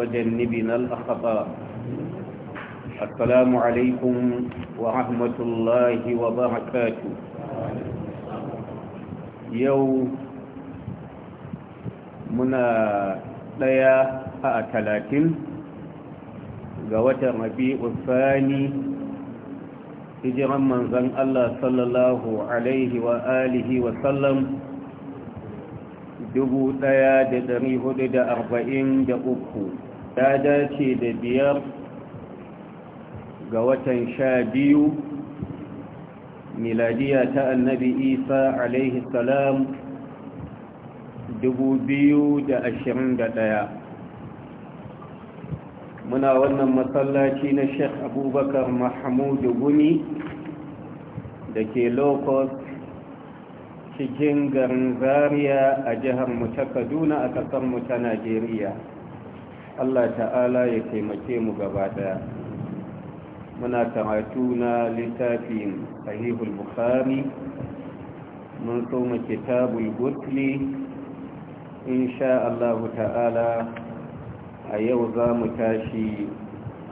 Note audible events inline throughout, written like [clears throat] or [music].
وجنبنا الأخطاء السلام عليكم ورحمة الله وبركاته يوم منا ليا أتلاتين قوة ربيع الثاني hijiran manzan Allah sallallahu Alaihi wa alihi wa sallam uku, ya dace da biyar ga watan sha biyu miladiya ta annabi isa alaihi salam ɗaya. muna wannan masallaci na sheikh abubakar mahmudu gumi da ke locust cikin garin zaria a jihar mu ta kaduna a kasar mu ta najeriya Allah ta'ala ya taimake mu gaba daya muna karatu na littafin sahihul bukhari mun soma kitabul gutli insha Allah ta'ala a yau za mu tashi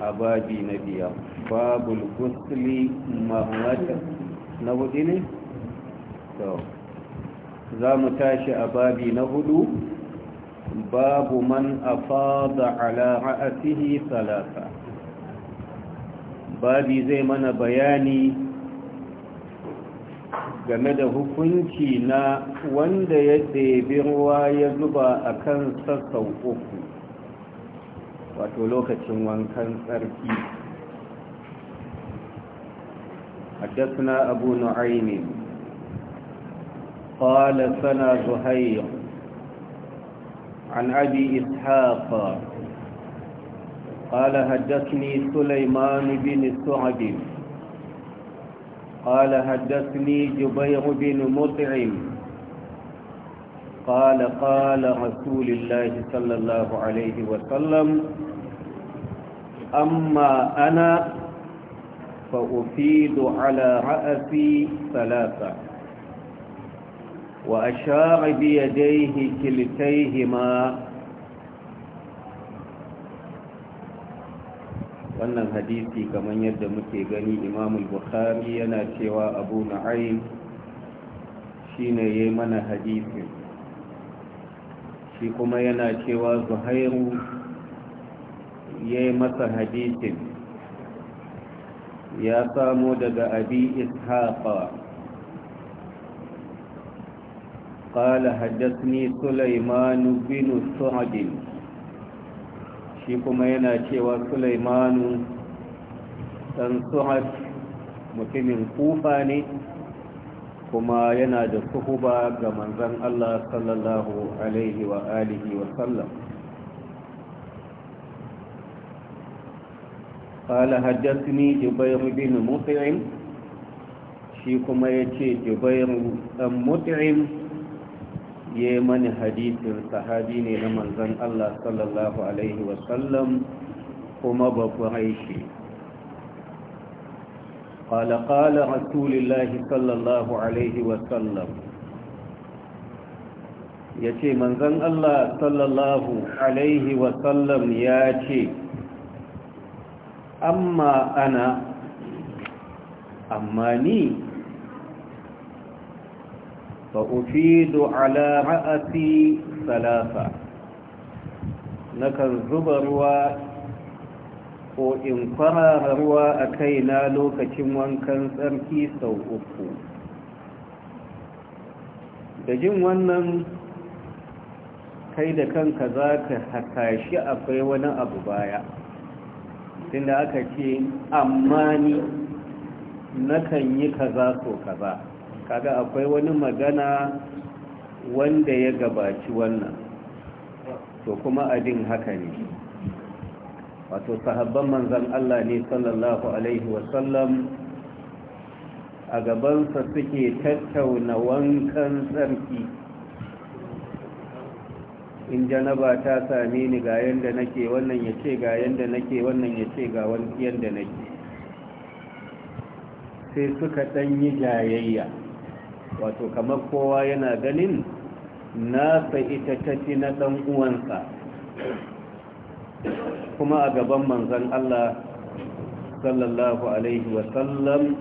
a babi na biyar babul gutli marmata na hudu ne? za mu tashi a babi na hudu باب من أفاض على رأته ثلاثة babi zai mana bayani game da hukunci na wanda ya ɗebi ruwa ya zuba a kan sassan uku wato lokacin wankan tsarki حدثنا أبو نعيم قال سنى زهير عن أبي إسحاق قال حدثني سليمان بن سعد قال حدثني جبير بن مطعم قال قال رسول الله صلى الله عليه وسلم أما أنا فأفيد على رأسي ثلاثة وأشار بيديه كلتيهما wannan hadisi kamar yadda muke gani imamul bukhari yana cewa abu na'aim shine ya mana hadisin shi kuma yana cewa zuhairu ya masa hadisin ya samo daga abi ishaqa قال حدثني سليمان بن سعد شيكما ينا تشوا سليمان دان سعد متمن كوفاني kuma yana da suhuba ga manzan Allah sallallahu Alaihi wa alihi wa sallam. Fala haddasini Jibairu bin Mutu'im, shi kuma ya ce Jibairu ɗan Mutu'im ya mani hadisin sahabi ne na manzan Allah sallallahu Alaihi wasallam kuma babu haishi ƙalaƙala rasulillahi sallallahu Alaihi wasallam ya ce manzan Allah sallallahu ya ce amma ana amma ni فأفيد على رأسي ثلاثة نكن و ko in fara ruwa a kaina lokacin wankan tsarki sau uku da jin wannan kai da kanka za ka akwai wani abu baya tunda aka ce amma ni nakan yi kaza so kaza kaga akwai wani magana wanda ya gabaci wannan to kuma adin haka ne wato sahabban manzan Allah ne sallallahu alaihi wasallam a gabansa suke tattauna wankan tsarki in janaba ta same ni ga yanda nake wannan ya ce ga yanda nake wannan ya ce ga yanda nake sai suka ɗanyi jayayya wato kamar kowa yana ganin nasa ita tafi na ɗan uwansa kuma a gaban manzan Allah sallallahu alaihi wasallam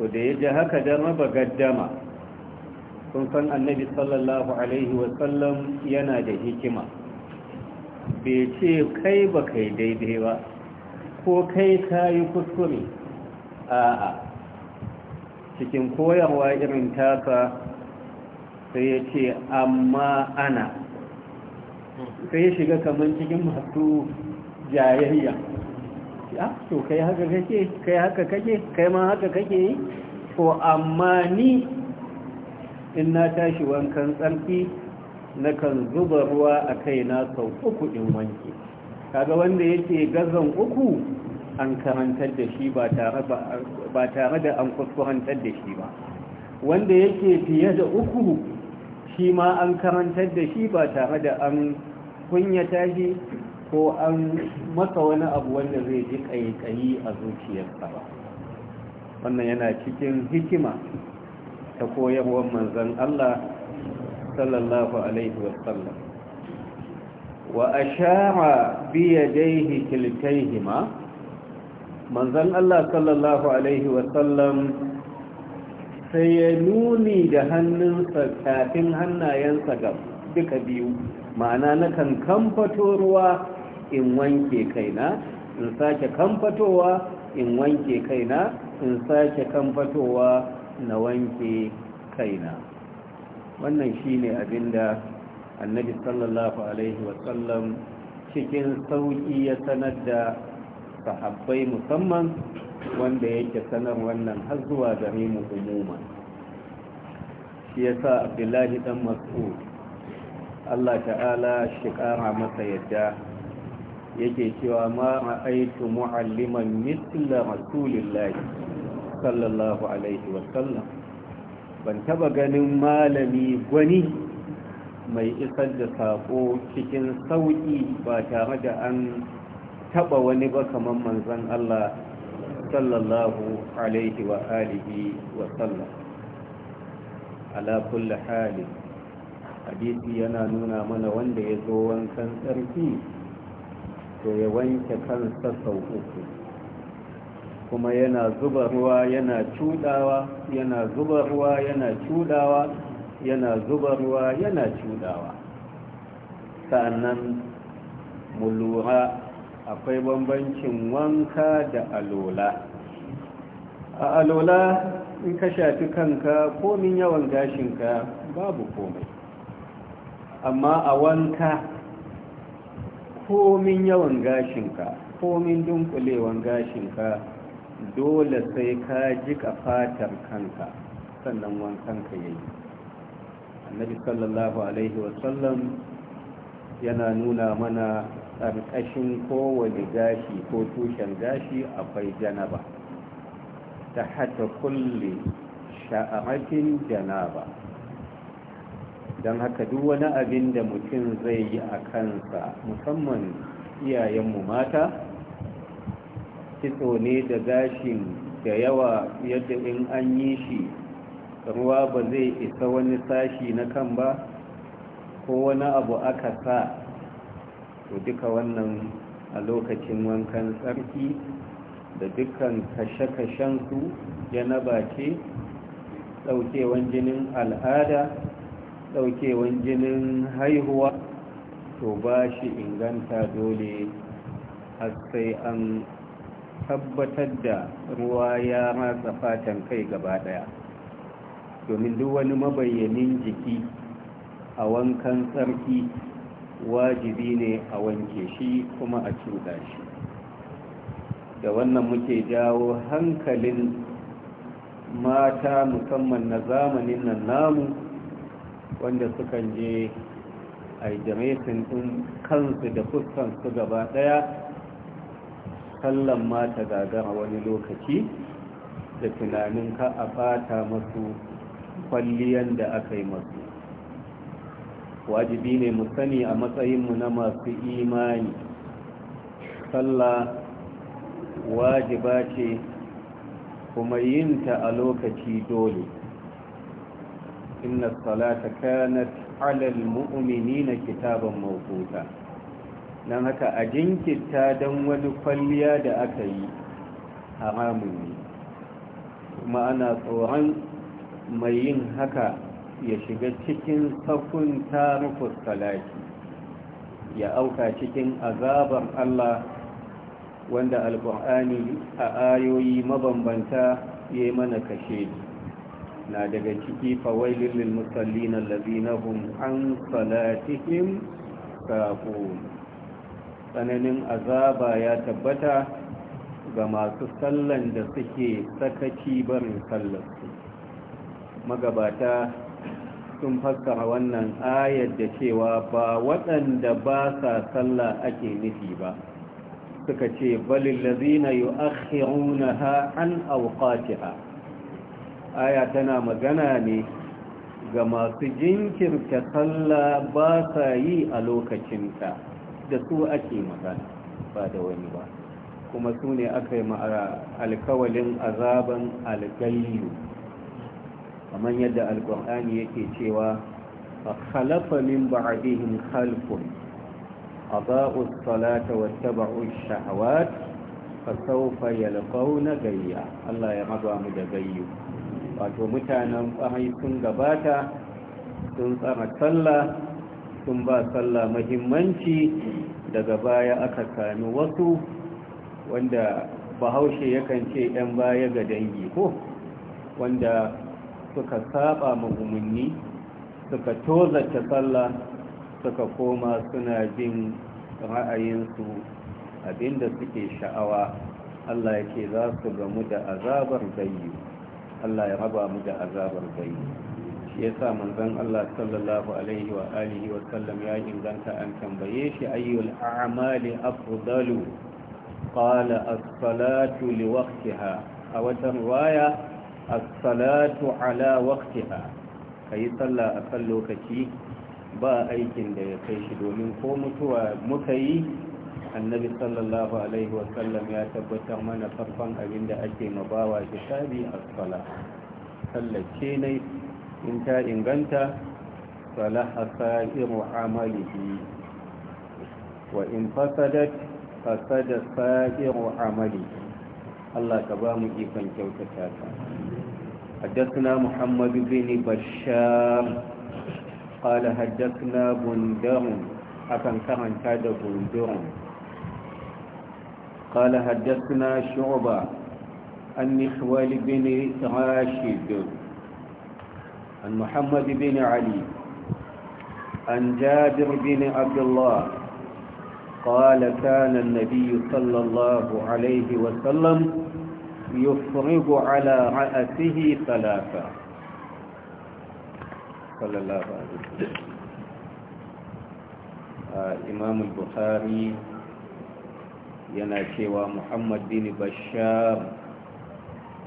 to da ya ji haka don raba gaddama kun san annabi sallallahu alaihi wasallam yana da hikima bai ce kai ba kai daidai ba ko kai ka yi kuskure a'a cikin koyarwa irin tasa sai ya ce amma ana sai ya shiga kamar cikin masu jayayya ya to kai haka kake kai haka kake kai ma haka kake yi ko amma ni in na tashi wankan tsarki na kan zuba ruwa a na sau uku in wanke kaga wanda yake gazan uku an karantar da shi ba tare da an kuskurantar da shi ba wanda yake fiye da uku shi ma an karantar da shi ba tare da an kunyata shi ko an masa wani abu wanda zai ji kaikayi a zuciyarsa ba wannan yana cikin hikima ta koyarwar manzan Allah sallallahu alaihi wasallam wa ashara biyadaihi kiltaihima manzan Allah sallallahu Alaihi wasallam sai ya nuni da hannunsa kafin hannayensa ga duka biyu ma'ana na kan kamfato ruwa in wanke kaina in sake kamfatowa in wanke kaina in sake kamfatowa na wanke kaina wannan shi shine abinda annabi sallallahu alaihi wasallam cikin sauƙi ya sanar da sahabbai musamman wanda yake sanar wannan har zuwa gare mu umuma shi yasa abdullahi dan mas'ud Allah ta'ala shi kara masa yadda yake cewa ma ra'aytu mu'alliman mithla rasulillah sallallahu alaihi wa sallam ban taba ganin malami gwani mai isar da sako cikin sauki ba tare da an taba wani ba kamar manzon Allah sallallahu alaihi wa alihi wa sallam ala kulli hali hadisi yana nuna mana wanda ya zo wankan tsarki to ya wanke kansa sau uku kuma yana zuba ruwa yana cudawa yana zuba ruwa yana cudawa yana zuba ruwa yana cudawa sannan mu lura akwai bambancin wanka da alola a alola in ka shafi kanka komin yawan gashinka babu komai amma a wanka komin yawan gashinka komin dunkulewan gashinka dole sai ka jiƙa fatar kanka sannan wankanka ya yi annabi sallallahu alaihi wasallam yana nuna mana ƙarƙashin kowane gashi ko tushen gashi akwai janaba ta hata kulle sha'amakin janaba don haka duk wani abin da mutum zai yi a kansa musamman iyayenmu mata kitso ne da gashin da yawa yadda in an yi shi ruwa ba zai isa wani sashi na kan ba ko wani abu aka sa to duka wannan a lokacin wankan tsarki da dukkan kashe-kashensu ba ce ɗaukewan jinin al'ada ɗaukewan jinin haihuwa to ba shi inganta dole a sai an tabbatar da ruwa ya ratsa fatan kai gaba ɗaya. domin duk wani mabayyanin jiki a wankan tsarki wajibi ne a wanke shi kuma a cuta shi da wannan muke jawo hankalin mata musamman na zamanin nan namu wanda sukan je a jamesin ɗin kansu da fuskansu gaba ɗaya kallon mata gagara wani lokaci da tunanin ka a fata masu kwalliyan da aka yi masu wajibi ne mu sani a matsayinmu na masu imani sallah wajiba ce kuma ta a lokaci dole inna salata kanat alal na kitaban mawquta Dan haka a jinkita don wani kwalliya da aka yi haramun ne kuma ana tsoron mai yin haka ya shiga cikin safin tarufus talaki ya auka cikin azabar Allah wanda alƙur'ani a ayoyi mabambanta ya yi mana kashe na daga ciki fawailin na allazinahum an salatihim saqum tsananin azaba ya tabbata ga masu sallan da suke sakaci barin sallarsu magabata sun fassara wannan ayar da cewa ba waɗanda ba sa sallah ake nufi ba suka ce balil lazina yu'akhirunaha an awqatiha aya tana magana ne ga masu jinkirta sallah ba sa yi a lokacinta da su ake magana ba da wani ba kuma su ne aka yi alkawalin azaban algayyu kamar yadda alkur'ani yake cewa a khalafa min ba'dihim khalfun aba'u salata wattaba'u shahawat fa sawfa na gayya Allah ya raba mu da gayyu wato mutanen farai sun gabata sun tsara sallah sun ba sallah muhimmanci daga baya aka sami wasu wanda bahaushe yakan ce 'yan baya ga dangi ko wanda suka saba ma umarni suka tozarta sallah suka koma suna jin ra'ayinsu abinda suke sha'awa Allah ya yake za su gamu da azabar bayyu Allah ya raba mu da azabar bayyu shi ya yasa manzon Allah sallallahu alaihi wa alihi wa sallam ya inganta an tambaye shi ayyul a'mali afdalu qala as-salatu li waqtiha a wata riwaya as-salatu ala waqtiha kai sallah a kan lokaci ba aikin da ya kai shi domin ko mutuwa muka yi annabi sallallahu alaihi sallam ya tabbatar mana farkon abin da ake mabawa kitabi as-sala sallace ne in ta inganta salaha sa'iru amalihi wa in fasadat fasada sa'iru amalihi Allah ka ba mu ikon kyautata ta حدثنا محمد بن بشار قال حدثنا بندر حسن كان كاد بندر قال حدثنا شعبة عن مخوال بن راشد عن محمد بن علي عن جابر بن عبد الله قال كان النبي صلى الله عليه وسلم يفرغ على رأسه ثلاثة صلى الله عليه وسلم آه إمام البخاري يناشي محمد بن بشار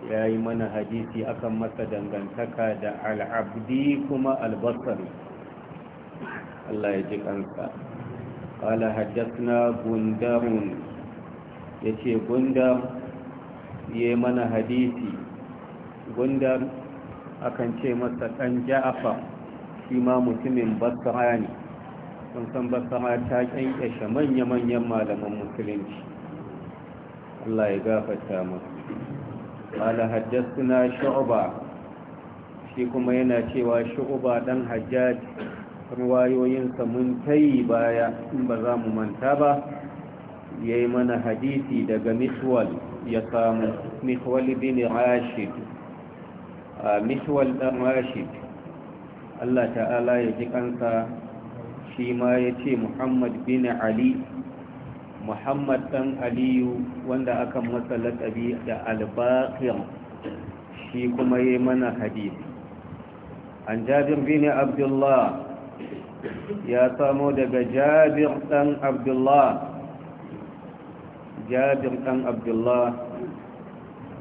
يا من حديثي أكم مسدن غنتكا دا العبدي كما البصري الله يجيك أنسى قال حدثنا بندر يتي بندر ya mana hadisi gunda akan ce masa ɗan ja'afa shi ma mutumin basara ne sun san basara ta kyankyashe manya-manyan malaman musulunci Allah ya gafata masu ƙala haddasa shu'uba shi kuma yana cewa shu'uba ɗan hajjaj ruwayoyinsa mun tayi baya in ba za mu manta ba ya yi mana hadisi daga mitwal ya samu mihwal rashid mihwal dan rashid Allah ta'ala ya ji kansa shi ma ya ce muhammad bin ali muhammad dan aliyu wanda aka masa laƙabi da albaqir shi kuma yi mana hadisi an jabir bin abdullah ya samo daga jabir dan abdullah jabir ɗan abdullah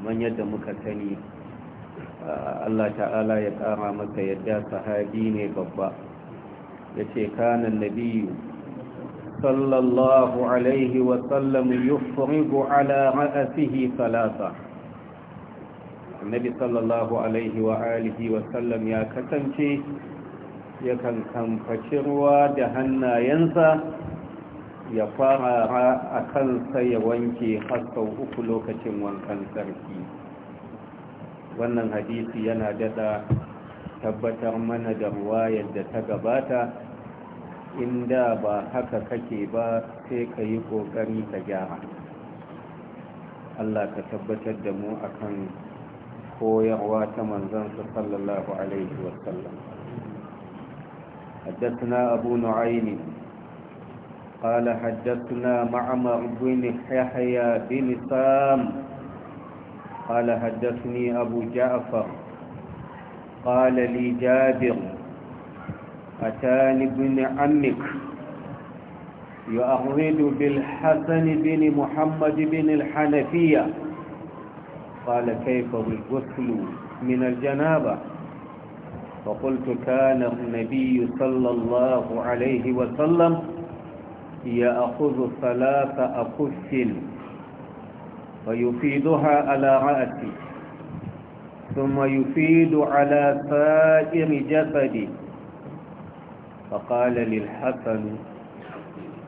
man yadda muka sani ah, Allah ta'ala ya kara masa yadda sahabi ne babba ya ce kanan nabiyu sallallahu alaihi wasallam yufrigu ala ra'asihi salasa annabi sallallahu alaihi wa alihi wasallam ya kasance yakan kamfaci ruwa da hannayensa ya fara ra a kansa ya wanke haskau uku lokacin wankan sarki wannan hadisi yana dada tabbatar mana da ruwayar da ta gabata inda ba haka kake ba sai ka yi ƙoƙari ta gyara Allah ka tabbatar da mu akan koyarwa ta manzansa sallallahu alaihi wasallam حدثنا أبو نعيم قال حدثنا معمر بن يحيى بن سام قال حدثني أبو جعفر قال لي جابر أتاني بن عمك يؤرد بالحسن بن محمد بن الحنفية قال كيف بالغسل من الجنابة فقلت كان النبي صلى الله عليه وسلم يأخذ ثلاث أقس ويفيدها على رأسه ثم يفيد على سائر جسده فقال للحسن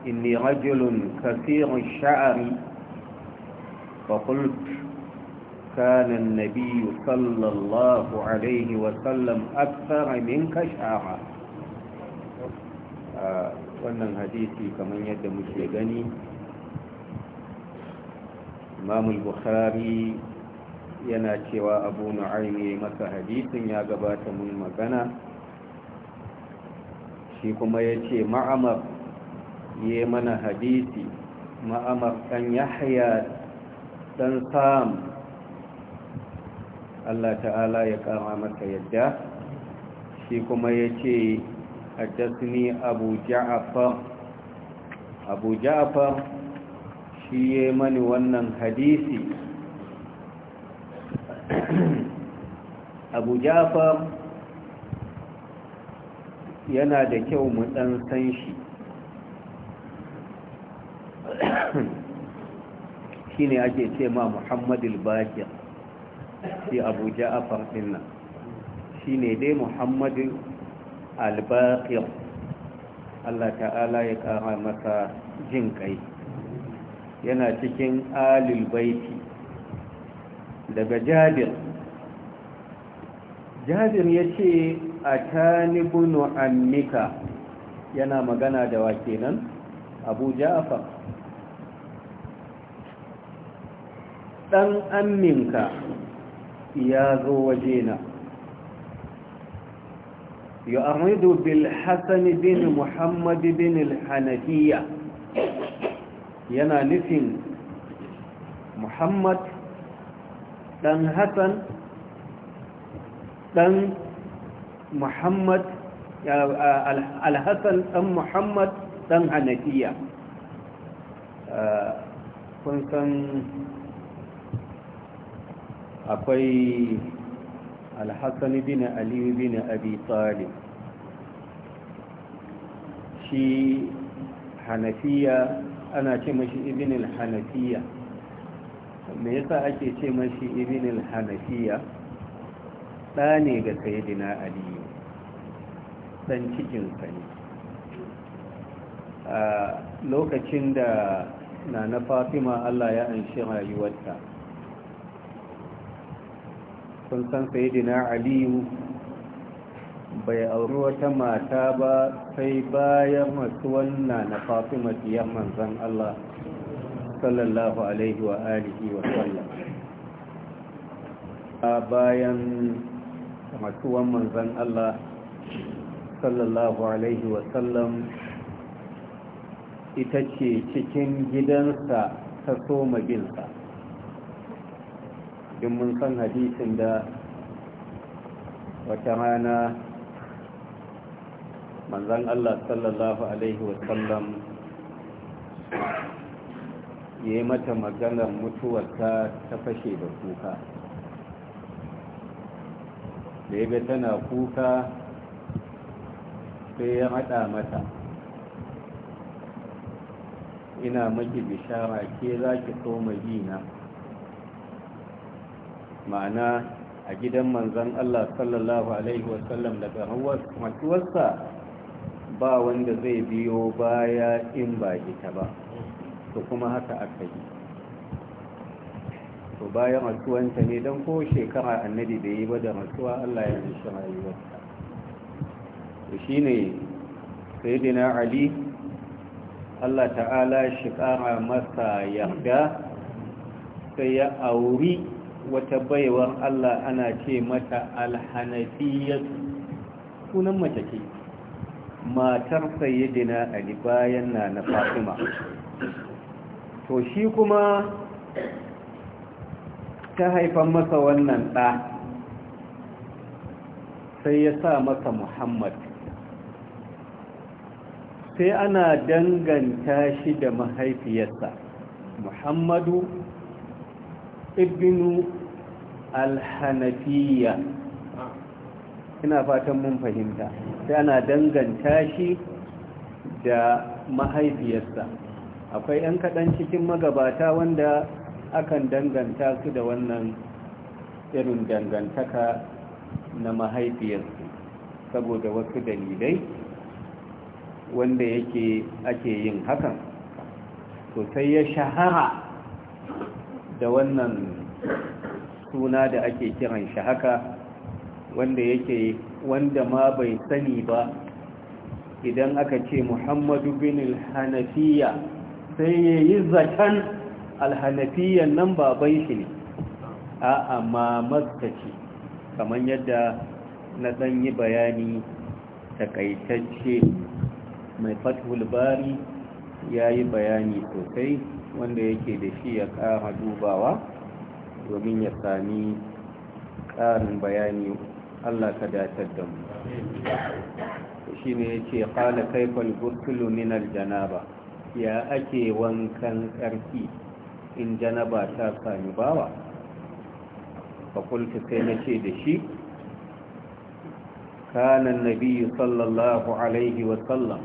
إني رجل كثير الشعر فقلت كان النبي صلى الله عليه وسلم أكثر منك شعرا آه، wannan hadisi kamar yadda muke gani imamul bukhari yana cewa abu nu'aym ya masa hadisin ya gabata mun magana shi kuma ya ma'amar ya mana hadisi ma'amar kan yahya ɗan sam Allah ta'ala ya kama masa yadda shi kuma yace. حدثني أبو جعفر أبو جعفر شيء من ونن حديثي [clears throat] أبو جعفر yana da kyau mu ɗan san shi shi ake ce ma al-Baqir shi abu Ja'far dinna shine dai Muhammad albaqir Allah ta'ala ya ƙara masa jin kai yana cikin alil baiti daga jabir jabir yace atani bunu annika yana magana da wa kenan abu ja'far dan amminka ya zo wajena يؤرد بالحسن بن محمد بن الحنفية ينا نفن محمد دن حسن دن محمد الحسن دن محمد دن حنفية كنت أقول alhassan bin aliyu bin abi talib shi hanafiya ana ce mashi ibn al-hanafiya me yasa ake ce mashi ibn al-hanafiya ɗa ne ga sayidina aliyu ɗan cikinsa ne a lokacin da na na fatima allah ya anshi rayuwarta Sun san dina aliyu bai auri wata mata ba sai bayan masu wannan na masu diyar manzan Allah sallallahu alaihi wa alihi wa sallam a bayan wannan manzan Allah sallallahu alaihi wa sallam ita ce cikin gidansa ta soma binsa in mun san hadisin da wata rana manzan Allah sallallahu Alaihi wasallam ya yi mata maganar mutuwarta ta fashe da kuka da ya tana kuka sai ya haɗa mata ina maki bishara ke za ki so mai na ma'ana a gidan manzan Allah sallallahu Alaihi wasallam daga matuwarsa ba wanda zai biyo baya in ba ita ba to kuma haka aka yi to bayan rasuwanta ne don ko shekara annabi da yi ba da rasuwa Allah ya nishi rayuwarsa to shi ne sayidina ali Allah ta'ala shi ƙara masa yarda sai ya auri wata baiwar Allah ana ce mata alhanafiyyatu sunan mace ce matar sayyidina ali bayan na na fatima to shi kuma ta haifan masa wannan ɗa sai ya sa masa muhammad sai ana danganta shi da mahaifiyarsa muhammadu ibnu alhanafiya ina fatan mun fahimta sai ana danganta shi da mahaifiyarsa akwai 'yan kaɗan cikin magabata wanda akan danganta su da wannan irin dangantaka na mahaifiyarsu saboda wasu dalilai wanda yake ake yin hakan to sai ya shahara da wannan suna da ake kiran shi haka wanda yake wanda ma bai sani ba idan aka ce muhammadu bin alhanafiya sai ya yi zaton alhanafiyan nan baban shi ne a amma maskaci kamar yadda na ɗan yi bayani takaitacce mai fatul bari ya yi bayani sosai wanda yake da shi ya kama dubawa domin ya sami ƙarin bayani Allah ka datar da mu shi ne ya ce ƙala kaifal burtulu min aljanaba ya ake wankan ƙarfi in janaba ta sami bawa fakulta sai na ce da shi kanan nabi sallallahu alaihi wasallam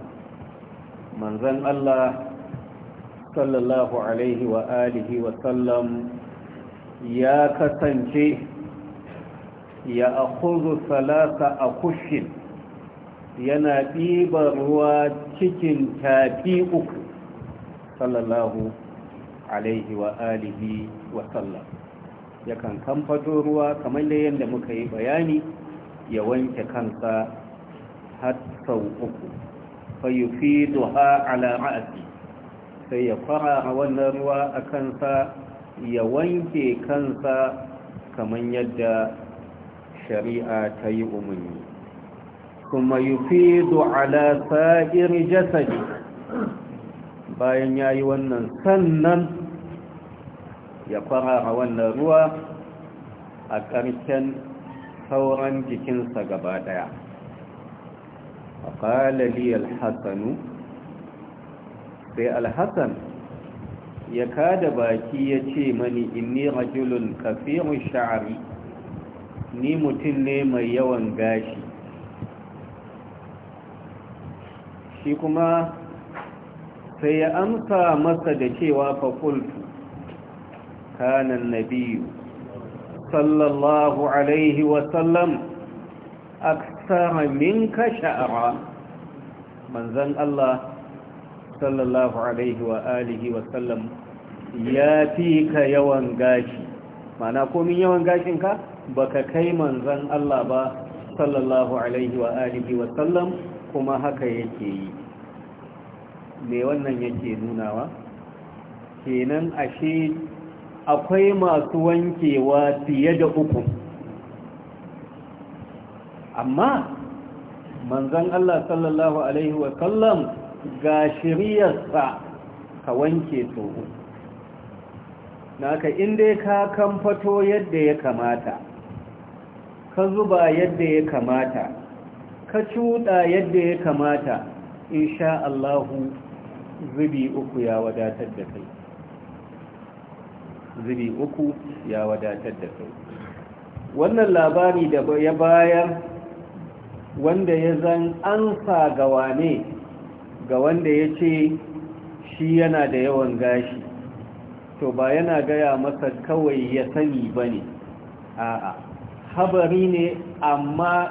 manzan Allah ya الله salasa a وسلم yana ɗiban ruwa cikin tafi uku sallallahu تاتيئك wa alihi wa وآله ya yakan kamfato ruwa kamar da yadda muka yi bayani ya wanke kansa har sau uku fa yufiduha ala ra'asi sai ya fara a wannan ruwa a kansa ya wanke kansa kamar yadda shari'a ta yi umarni kuma yufidu ala sa'ir jasadi bayan ya yi wannan sannan ya fara a wannan ruwa a ƙarshen sauran jikinsa gaba ɗaya a hassanu sai alhassan ya kada baki ya ce mani inni rajulun kafirun sha'ari ni mutum ne mai yawan gashi shi kuma sai ya amsa masa da cewa fakultu kanan nabiyu sallallahu alaihi wasallam aksara minka sha'ara manzan Allah sallallahu alaihi wa alihi wa sallam ya fi ka yawan gashi mana komin yawan gashinka baka kai manzan Allah ba sallallahu alaihi wa alihi wa sallam kuma haka yake yi me wannan yake nunawa kenan ashe akwai masu wankewa fiye da uku amma manzan Allah sallallahu alaihi wa sallam ga shiriyarsa ka wanke na naka inda ka kamfato yadda ya kamata ka zuba yadda ya kamata ka cuɗa yadda ya kamata insha Allahu zubi uku ya wadatar da kai zubi uku ya wadatar da kai wannan labari da ya bayar wanda ya zan ansa ga wane ga wanda ya ce shi yana da yawan gashi to ba yana gaya masa kawai ya sani ba ne a'a habari ne amma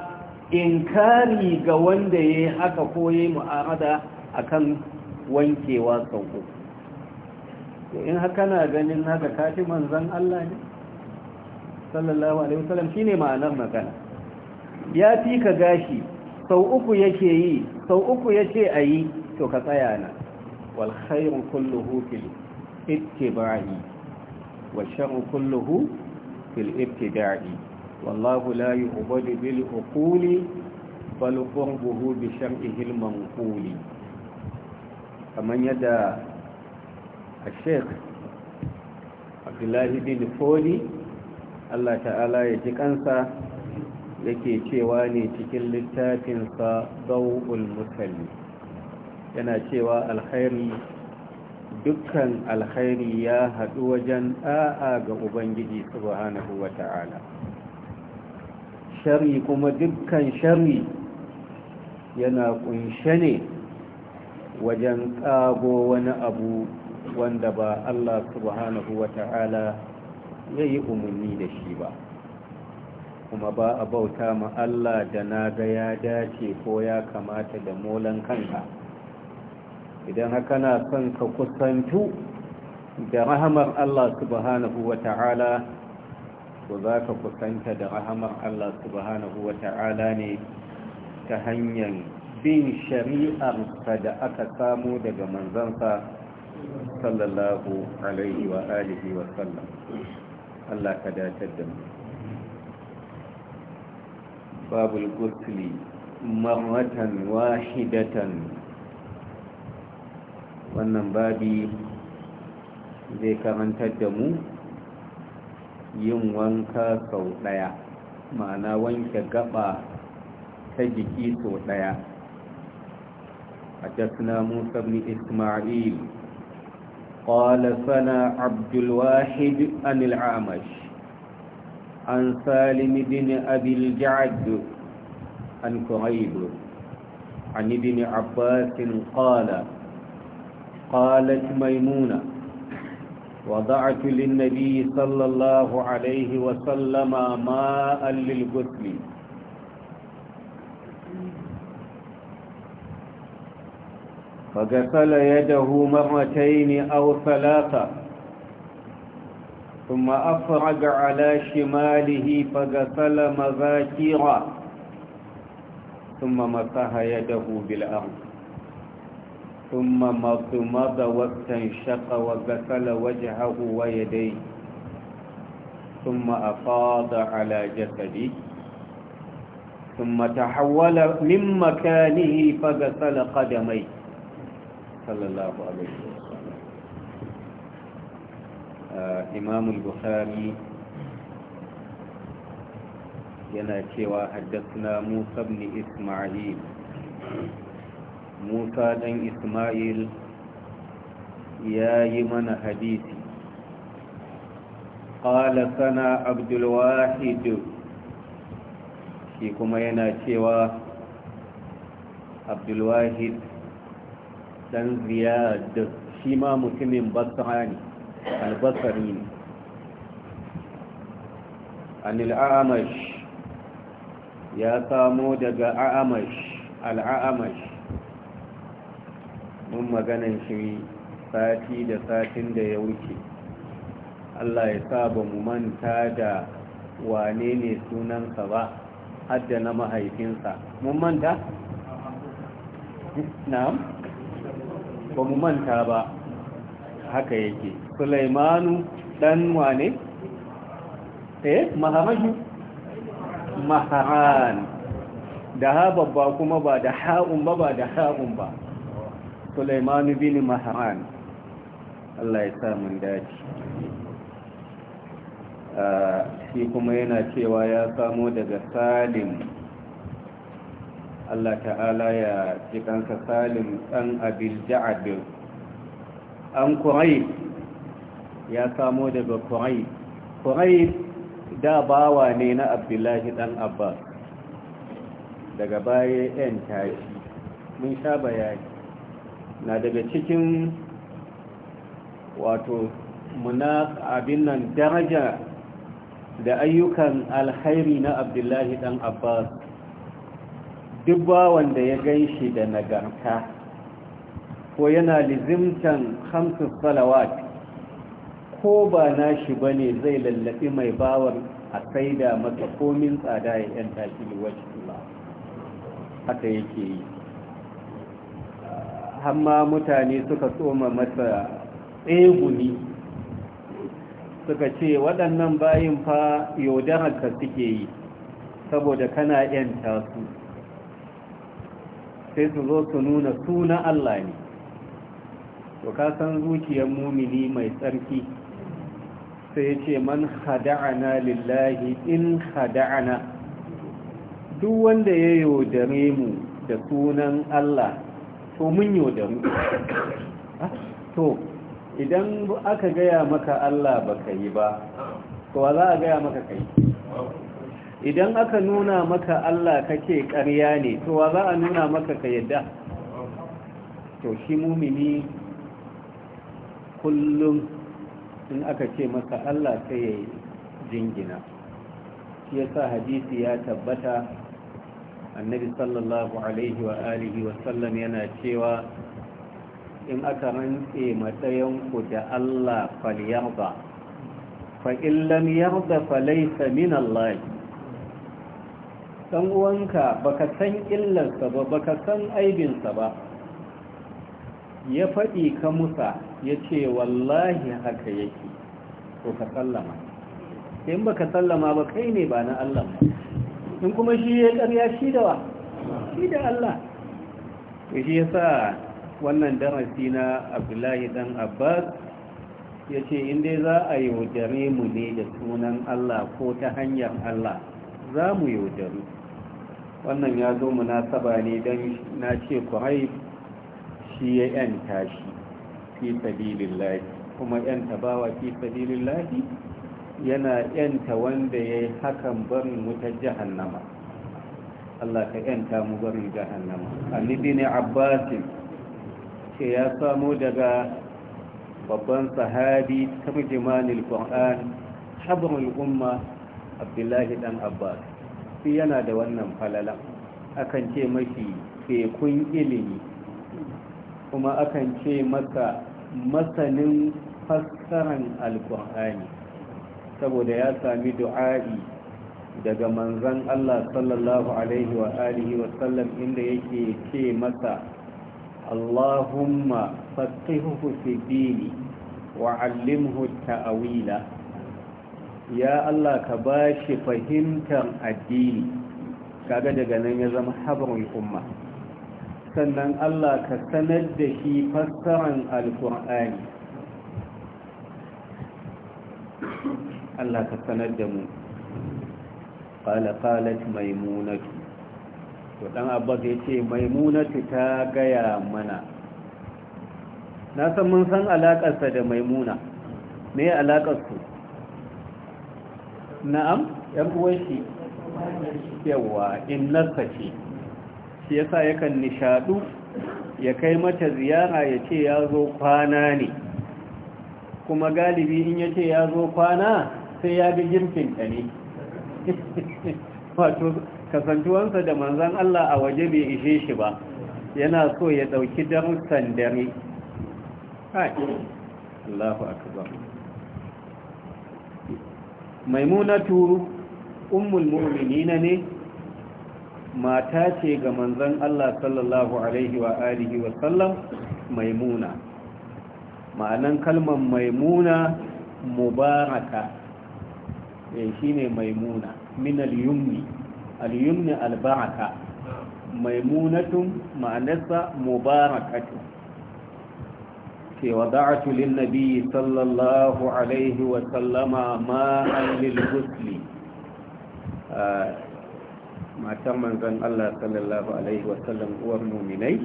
inkari ga wanda ya haka ko ya mu'amada kan wankewa sauko in haka na ganin haka kashi manzan Allah ne sallallahu alaihi wasallam shine ma'anar magana ya fi ka gashi sau uku yake yi sau uku yace ayi to ka tsaya na wal khairu kulluhu fil ittiba'i wa sharru kulluhu fil ibtida'i wallahu la yu'badu bil uquli bal qurbuhu bi shan al manquli kaman yadda al-sheikh Abdullahi bin Foli Allah ta'ala ya ji kansa yake cewa ne cikin littafinsa Dawul Musalli yana cewa alkhairi dukkan alkhairi ya haɗu wajen ɗa'a ga ubangiji subhanahu ta'ala shari kuma dukkan shari yana kunshe ne wajen ƙago wani abu wanda ba Allah subhanahu ta'ala ya yi umarni da shi ba kuma ba a bauta ma Allah da na ga ya dace ko ya kamata da molan kanka idan haka na son ka kusantu da rahamar Allah subhanahu wa ta'ala za ka kusanta da rahamar Allah subhanahu wa ta'ala ne ta hanyar bin shari'arsa da aka samu daga manzansa sallallahu alaihi wa alihi wa sallam Allah ka datar da mu babul gusli maratan wahidatan wannan babi zai karanta da mu yin wanka sau ɗaya. ma'ana wanke gaɓa ta jiki sau ɗaya. a jasna musa bin ismail ƙwalasana abdulwahid anil amash an salim bin abil ja'ad an kuhaibu عن ابن عباس قال قالت ميمونة وضعت للنبي صلى الله عليه وسلم ماء للغسل فغسل يده مرتين أو ثلاثة ثم أفرج على شماله فغسل مذاكيرا ثم مسح يده بالأرض ثم مضمض واستنشق وغسل وجهه ويديه ثم أفاض على جسده ثم تحول من مكانه فغسل قدميه صلى الله عليه وسلم آه، إمام البخاري ينأتي وحدثنا موسى بن إسماعيل musa dan ismail ya yi mana hadisi ƙala sana abdulwahidu shi kuma yana cewa abdulwahid dan ziyad shi ma mutumin basra ne albasari ne a'amash ya samo daga a'amash al'amash mun maganan shi sati da satin da ya wuce Allah ya sa ba mu manta da wane ne sunansa ba hadda na mahaifinsa mun manta? na'am ba mu manta ba haka yake sulaimanu dan wane? eh mahamaju maharan da ha babba kuma ba da ha'un ba ba da ha'un ba Sulaiman bin Mahran Allah ya sa mun dace ah, shi kuma yana cewa ya samo daga Salim Allah ta'ala ya cikansa Salim dan Abil Ja'ad an Qurayb ya samo daga Qurayb Qurayb da bawa ne na Abdullahi dan Abbas daga baya yan tashi mun sha bayani na daga cikin wato muna abin nan daraja da ayyukan alkhairi na abdullahi dan abbas duk wanda ya gan shi da nagarta ko yana lizimtan Hamsu salawat ko ba nashi ba ne zai lallabi mai bawar a saida masa komin tsada ya 'yan tashi wajen haka yake yi hamma mutane suka tsoma masa tsegumi suka ce waɗannan bayin fa yaudararka suke yi saboda kana yanta su sai su zo su nuna suna Allah ne to ka san zuciyar mumini mai tsarki sai ya ce man hada'ana lillahi in hada'ana duk wanda ya yaudare mu da sunan Allah to mun yi yaudaru to idan aka gaya maka Allah baka yi ba to za a gaya maka kai idan aka nuna maka Allah kake karya ne to za a nuna maka ka yadda to shi mumini kullum in aka ce maka Allah sai ya jingina shi sa hadisi ya tabbata annabi sallallahu alaihi wa alihi wasallam yana cewa in aka rantse matsayinku da Allah falyarda fa in lam yarda falaysa min Allah dan uwanka baka san illarsa ba baka san aibinsa ba ya faɗi ka musa ya ce wallahi haka yake ko ka sallama in baka sallama ba kai ne ba na Allah ba in kuma shi ya karya shi da wa shi da Allah shi shi sa wannan darasi na Abdullahi dan Abbas yace in dai za a yaudare mu ne da sunan Allah ko ta hanyar Allah za mu yaudaru wannan ya zo mu munasaba ne don na ce kuhaib shi ya yanta shi fi sabilillahi kuma yanta bawa fi sabilillahi yana yanta wanda ya yi hakan barin wutar jahannama Allah ka yanta mu barin jahannama annabi ne abbasin ce ya samo daga babban sahabi tarjimanil qur'an habrul umma abdullahi dan abbas shi yana da wannan falalan akan ce mashi tekun ilimi kuma akan ce masa masanin fassaran alkur'ani saboda ya sami du'a'i daga manzan Allah sallallahu alaihi wa alihi wa sallam inda yake ce masa Allahumma faqihuhu fi dini wa 'allimhu ta'wila ya Allah ka bashi fahimtar addini kaga daga nan ya zama habrul umma sannan Allah ka sanar da shi fassaran alqur'ani Allah ka sanar da mu qala qalat maimunatu to dan abbas yace maimunatu ta gaya mana na san mun san alakarsa da maimuna me alaƙarsu? na'am yan uwanki yawa innarsa ce shi yasa yakan nishadu ya kai mata ziyara ya ce ya zo kwana ne kuma galibi in ya ce ya zo kwana sai ya ga girkin ka ne wato kasantuwansa da manzan Allah a waje bai ishe shi ba yana so ya ɗauki darussan dare Allahu akbar maimunatu ummul mu'minina ne mata ce ga manzan Allah sallallahu alaihi wa alihi wa sallam maimuna ma'anan kalmar maimuna mubaraka Eh, shine maimuna min al-yumni al-yumni al-baraka maimunatun ma'anarsa mubarakatu. ke wa da'atu lin nabi sallallahu alaihi wa sallama ma'an lil husli ah, matan manzon Allah sallallahu alaihi wa sallam uwar muminai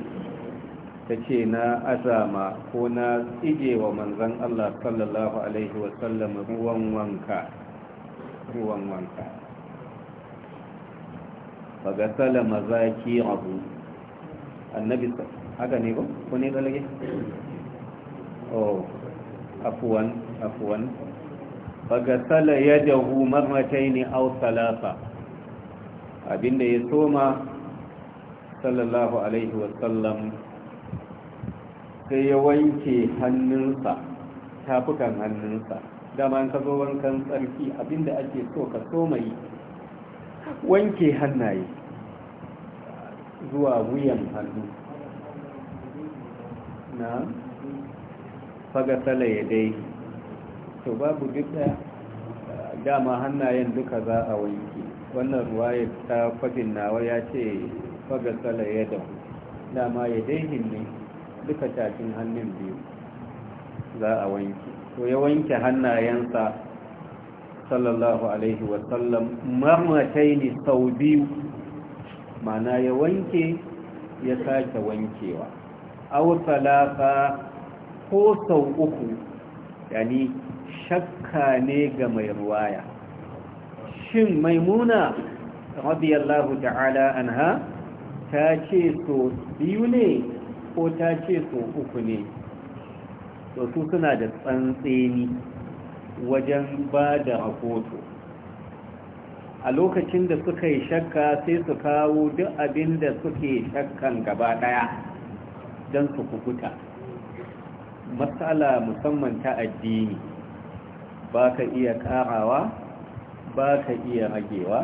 ta ce na azama ko na wa manzon Allah sallallahu alaihi wa sallam ruwan wanka ruwan wanka fagasala mazaki abu annabi haka ne ba ko ne dalage oh afuwan afuwan fagasala marmatai ne aw salasa. abinda ya soma sallallahu alaihi wasallam sai ya wanke hannunsa tafukan hannunsa dama ka zo wankan tsarki abinda ake so ka so mai wanke hannaye zuwa wuyan hannu na fagasala ya dai to babu duk dama hannayen duka za a wanke wannan ya ta fadin nawa ya ce fagasala ya da dama ya dai hinne duka tafin hannun biyu za a wanke to ya wanke hannayensa sallallahu alaihi wasallam marmatai ne sau biyu mana ya wanke ya sake wankewa au salafa ko sau uku yani shakka ne ga mai ruwaya shin maimuna radiyallahu ta'ala anha ta ce so biyu ne ko ta ce so uku ne to su suna da tsantseni wajen ba da rahoto a lokacin da suka yi shakka sai su kawo duk abin da suke shakkan gaba daya don su kukuta matsala musamman ta addini ba ka iya karawa ba ka iya ragewa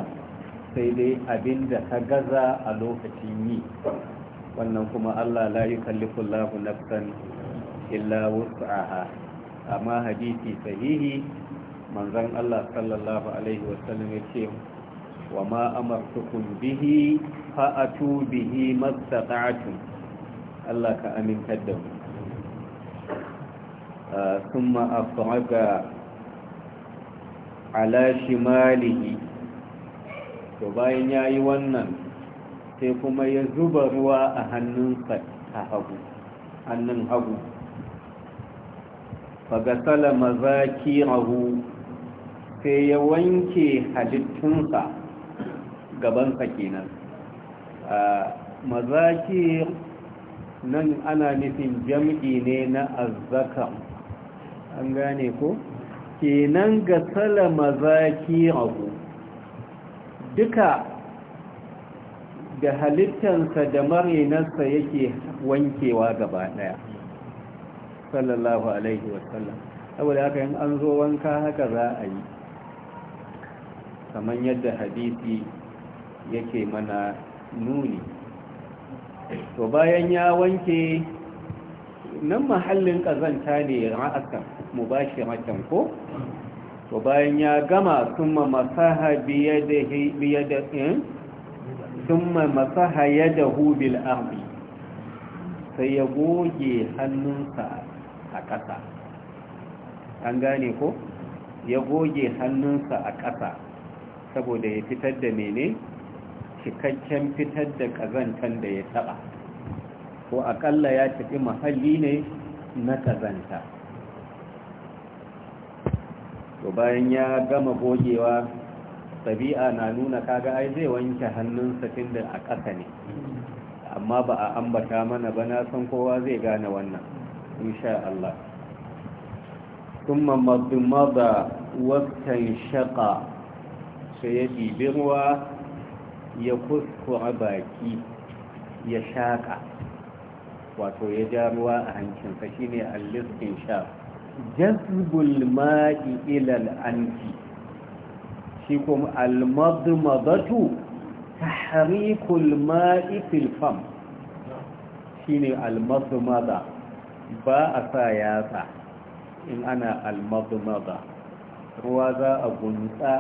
sai dai abin da ka gaza a lokacin yi wannan kuma allah la kallifin nafsan illa wus'aha amma hadisi sahihi manzon Allah sallallahu alaihi wasallam yace wa ma amartukum bihi atu bihi mastata'tu Allah ka aminta da mu ثم ala shimalihi to bayan yayi wannan. sai kuma ya zuba ruwa a hannunsa ta hagu hannun hagu fagasala mazakirahu sai ya wanke halittunsa gabansa kenan mazakir nan ana nufin jam'i ne na azzaka an gane ko kenan gasala mazakirahu duka da halittansa da marinarsa yake wankewa gaba ɗaya sallallahu alaihi wasallam saboda haka yin an zo wanka haka za a yi kamar yadda hadisi yake mana nuni to bayan ya wanke nan mahallin kazanta ne ra'akan mu ba shi ko to bayan ya gama summa masaha biyadihi biyadihi eh? summa masaha yadahu bil ardi sai ya goge hannunsa a ƙasa an gane ko ya goge hannunsa a ƙasa saboda ya fitar da mene cikakken fitar da ƙazantar da ya taɓa ko aƙalla ya tafi mahalli ne na ƙazanta to bayan ya gama gogewa ɗabi'a na nuna kaga ai zai wanke hannunsa tun da a ƙasa ne amma ba a ambata mana ba na san kowa zai gane wannan insha Allah kuma madmada wakan shaƙa sai ya ɗibi ruwa ya kuskura baki ya shaƙa wato ya ja ruwa a shi ne allistin sha jazbul ma'i ilal anti shi kuma almadmadatu tahrikul ma'i fil fam shine almadmada ba a sa yatsa in ana almagmaga ruwa za a gunsa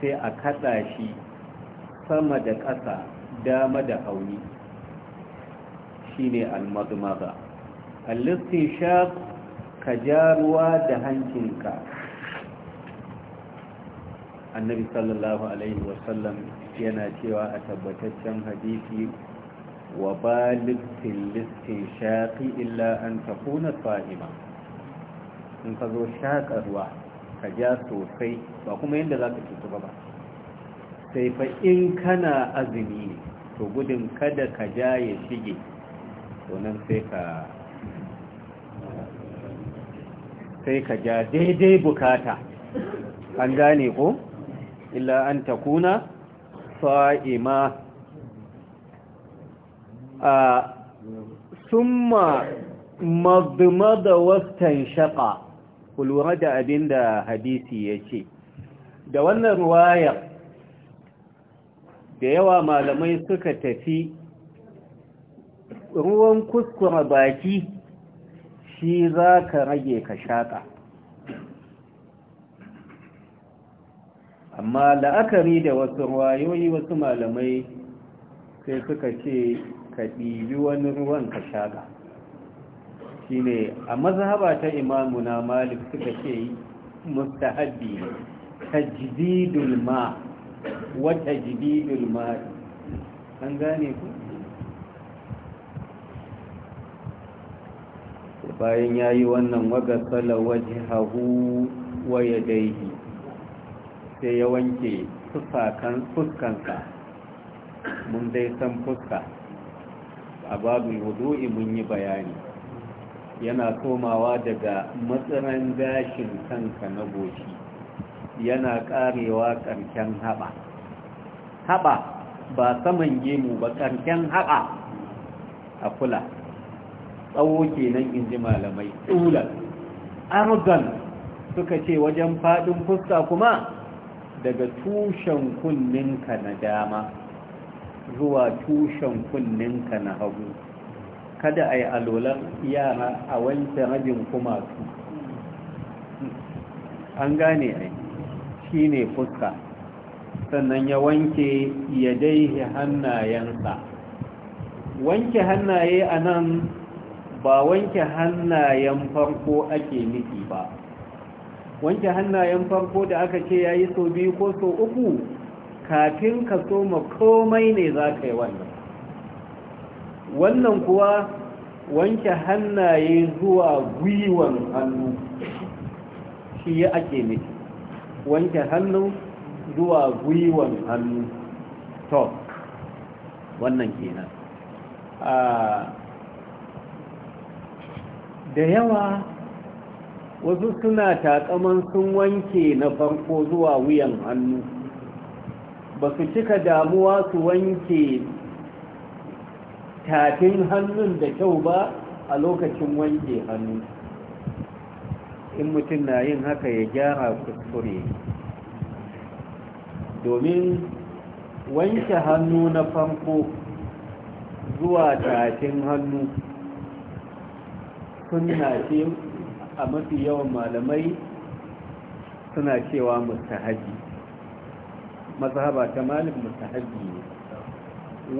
sai a kada shi sama da ƙasa dama da hauni shine almagmaga allistin shaf ka ja ruwa da hankinka annabi sallallahu alaihi wasallam yana cewa a tabbataccen hadisi Wa ba وبالغ في الاستنشاق إلا أن تكون Fahima? in ka zo shaƙa ka ja sosai ba kuma yadda za ka cutu ba sai fa in kana azumi ne to gudun kada ka ja ya shige nan sai ka sai ka ja daidai bukata an gane ko illa an takuna Fahima. A summa da wastan shaƙa kulura da abin da hadisi ya ce, da wannan ruwayar da yawa malamai suka tafi ruwan kuskura baki shi za ka rage ka shaƙa amma la'akari da wasu ruwayoyi wasu malamai sai suka ce ka ɗibi wani ruwan ka shaga shi ne a mazhaba ta na malik suka ce musta mustahabbi ne tajdidul ma wa tajdidul ma an gane ku bayan ya yi wannan wagasala hagu waya yadaihi sai ya wanke fuskanka mun dai san fuska a babin wudu'i mun yi bayani yana komawa daga matsaran gashin kanka na goshi yana karewa karken haɓa haɓa ba saman gemu ba karken haɓa a kula tsawo kenan in ji malamai tsulan argan suka ce wajen faɗin fuska kuma daga tushen kunninka na dama zuwa tushen kunninka na hagu kada a yi alolan yara a wancan rabin su. an gane ai shi ne fuska sannan ya wanke ya daihi hannayensa wanke hannaye a nan ba wanke hannayen farko ake nufi ba wanke hannayen farko da aka ce ya yi so biyu ko so uku kafin ka soma komai ne za ka yi wannan wannan kuwa wanke hannaye zuwa gwiwan hannu shi ya ake miki, wanke hannu zuwa gwiwan hannu to wannan kenan da yawa wasu suna takaman sun wanke na farko zuwa wuyan hannu ba su cika damuwa su wanke tafin hannun da kyau ba a lokacin wanke hannu in mutum na yin haka ya gyara kuskure domin wanke hannu na farko zuwa tafin hannu suna ce a mafi yawan malamai suna cewa mustahaji mazhaba ta malik mustahabbi ne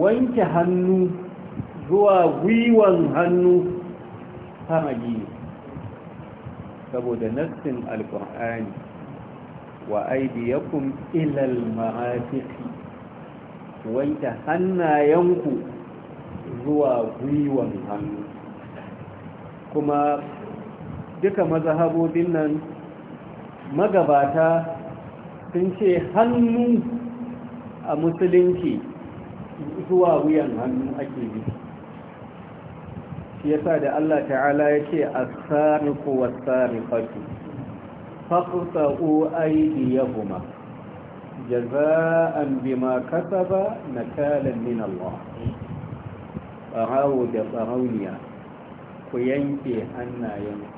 wanke hannu zuwa gwiwon hannu hamadi ne saboda nassin alkur'ani wa aidiyakum ilal ma'afiqi wanke hannayenku zuwa gwiwan hannu kuma duka mazhabobin nan magabata sun ce hannu a musulunci zuwa wuyan hannu ake bi shi yasa da Allah ta'ala ya ce a tsariku wa tsarikatu faƙusaƙo aiki ya goma bi bima kasaba na kalan min Allah ɓarawo da ɓarauniya ku yanke hannayenku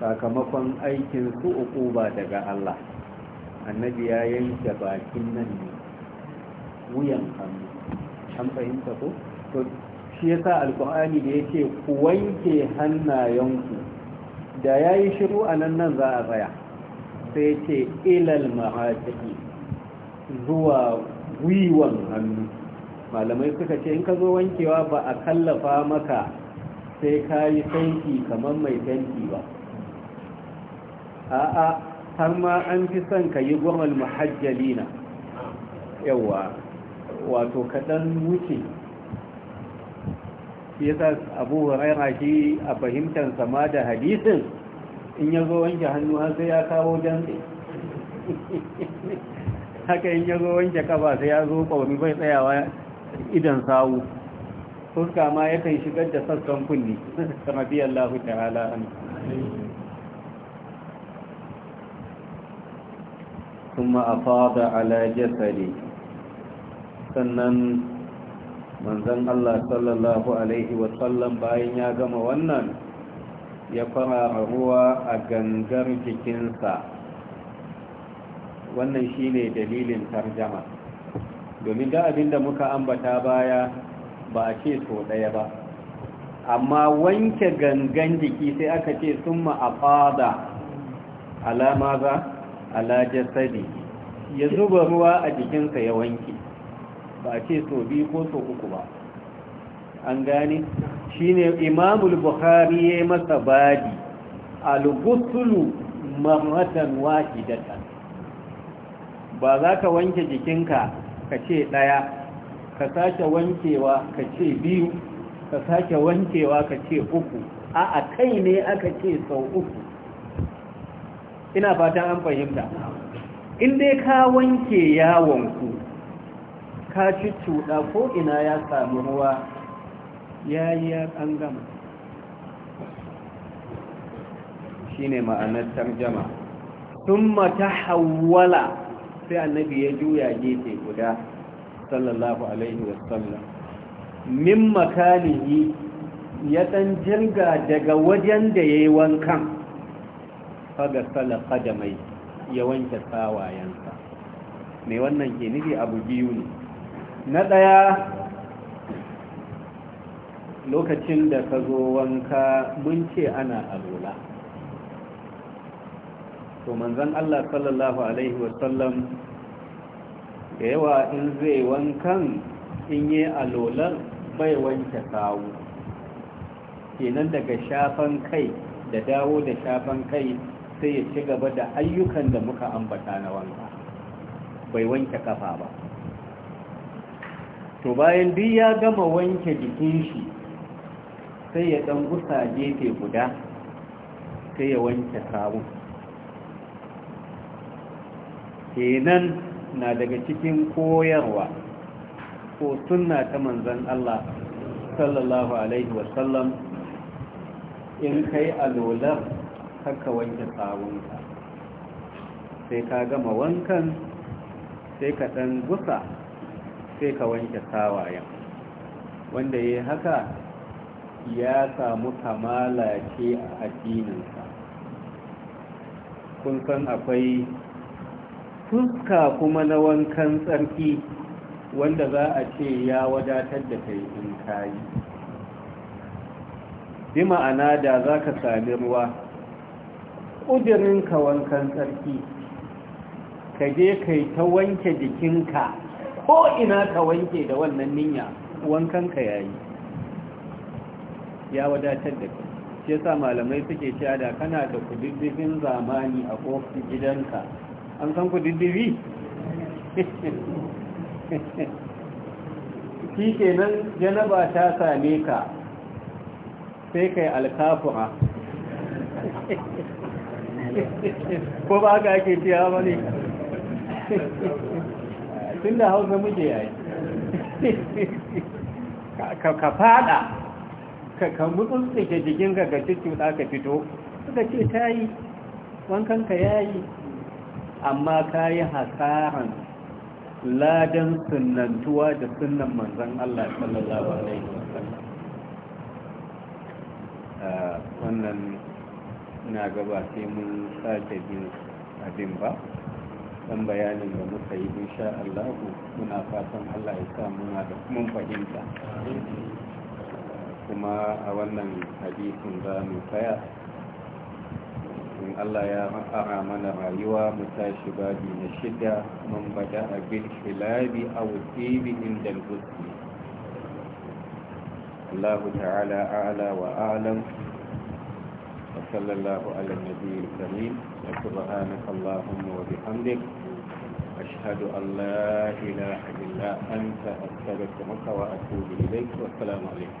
sakamakon aikin su uku ba daga Allah annabi ya yanke bakin nan ne wuyan hannu an fahimta ko to shi yasa alqur'ani da yake ku wanke hannayenku da yayi shiru a nan nan za a tsaya sai ce ilal mahajiki zuwa gwiwan hannu malamai suka ce in ka zo wankewa ba a kallafa maka sai ka yi tanki kamar mai tanki ba a'a har ma an fi son ka yi gwamnal mahajjalina yawa wato kaɗan wuce shi yasa abu huraira shi a fahimtar sama da hadisin in ya zo wanke hannu har sai ya kawo dantse [laughs] haka in ya zo wanke kafa sai ya zo kawai bai tsayawa idan sawu fuska ma yakan shigar da sassan kunni sanadiyar [laughs] lahu ta'ala an ثم أفاض على جسدي sannan manzon Allah sallallahu alaihi wasallam bayan ya gama wannan ya fara ruwa a gangar jikinsa wannan shine dalilin tarjama domin da abinda muka ambata baya ba a ce so daya ba amma wanke gangan jiki sai aka ce summa maafada alama za ala jasadi ya zuba ruwa a jikinsa ya wanke ba a ce so biyu ko so uku ba an gane ne imamul Buhari ya masa badi al-ghuslu waki wahidatan ba za ka wanke jikinka ka ce ɗaya ka sake wankewa ka ce biyu ka sake wankewa ka ce uku a a kai ne aka ce sau uku ina fatan an fahimta in dai ka wanke yawonku ka ci cuɗa ko ina ya samu ruwa ya yi an gama shi ne ma'anar tarjama sun mata hawala sai annabi ya juya gefe guda sallallahu alaihi wasallam min makalihi ya ɗan jirga daga wajen da ya yi wankan fagasala kadamai ya wanke tsawayensa mai wannan ke nufi abu biyu ne na ɗaya lokacin da ka zo wanka mun ce ana alola to manzan Allah sallallahu Alaihi wasallam da yawa in zai wankan in yi alolar bai wanke sawu kenan daga shafan kai da dawo da shafan kai sai ya ci gaba da ayyukan da muka ambata na wanka bai wanke kafa ba to bayan duk ya gama wanke jikin shi sai ya dan gusa gefe guda sai ya wanke sabon kenan na daga cikin koyarwa ko sunna ta manzon Allah sallallahu alaihi wasallam in kai alolar haka wanke sawunka sai ka gama wankan sai ka ɗan gusa sai ka wanke sawayen wanda ya haka ya samu kamala ce a addininsa kun san akwai fuska kuma na wankan tsarki wanda za a ce ya wadatar da kai in kayi bi ma'ana da za ka sami ruwa ƙudurinka wankan tsarki ka je ka yi ta wanke jikinka ko ina ka wanke da wannan niyya wankanka ya yi ya wadatar da kai shi yasa malamai suke cewa da kana da kudiddifin zamani a kofin gidanka an san kudiddifi [laughs] shi kenan janaba ta same ka sai kai alkafura ko ba haka ake cewa ba ne tun da hausa muke yayi ka fada ka jikin jikinka ga cikin ka fito suka ce ta yi wankanka ya yi amma ka yi hasaran ladan sunantuwa da sunan manzan Allah sallallahu Alaihi wasallam ah, wannan na gaba sai mun sake bin abin ba dan bayanin da muka yi insha Allah muna fatan Allah ya sa muna da mun fahimta kuma a wannan hadisin za mu faya in Allah ya fara mana rayuwa mu tashi babi na shida mun bada a bil hilabi aw tibi inda al-husni Allah ta'ala a'la wa a'lam وصلى الله على النبي الكريم وسبحانك اللهم وبحمدك أشهد أن لا إله إلا أنت أستغفرك وأتوب إليك والسلام عليكم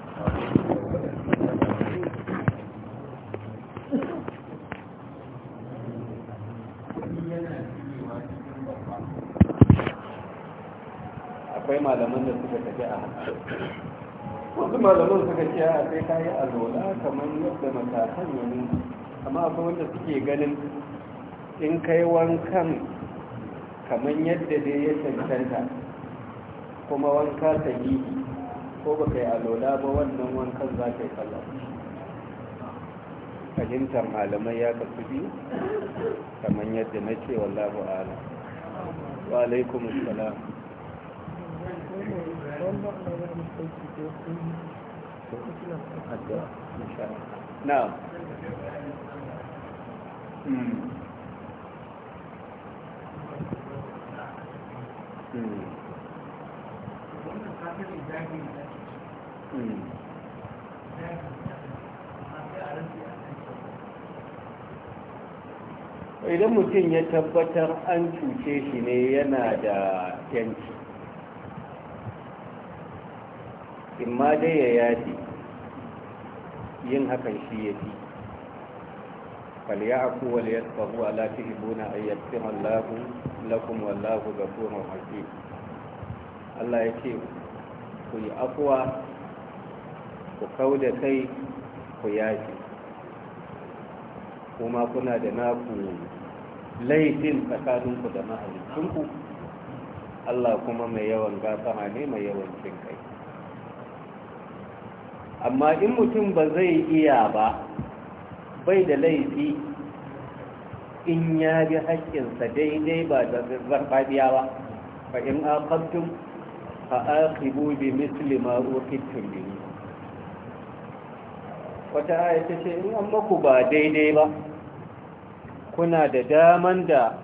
akwai malaman da suka tafi a wasu malaman suka ce a sai ka yi alola kamar yadda matakan yanzu amma akwai wanda suke ganin in kai wankan kamar yadda dai ya cancanta kuma wanka ta yi ko ba kai alola ba wannan wankan za ka yi sallah fahimtar malamai ya kasu biyu kamar yadda na ce wallahu ala wa salam idan mutum ya tabbatar an cuce shi ne yana da yanci in ma dai ya yafi yin hakan shi ya fi falyaku wal yasfahu ala tuhibuna ay yaghfira Allahu lakum wallahu ghafurur rahim Allah ya ce ku yi afuwa ku kauda kai ku yafi kuma kuna da naku laifin tsakaninku da mahalicinku Allah kuma mai yawan gafara ne mai yawan cin kai amma in mutum ba zai iya ba bai da laifi in ya bi haƙƙinsa daidai ba da zarfafiya ba ba in aqabtum a aqibu bi misli ma wata ayyata ce in an maku ba daidai ba kuna da daman da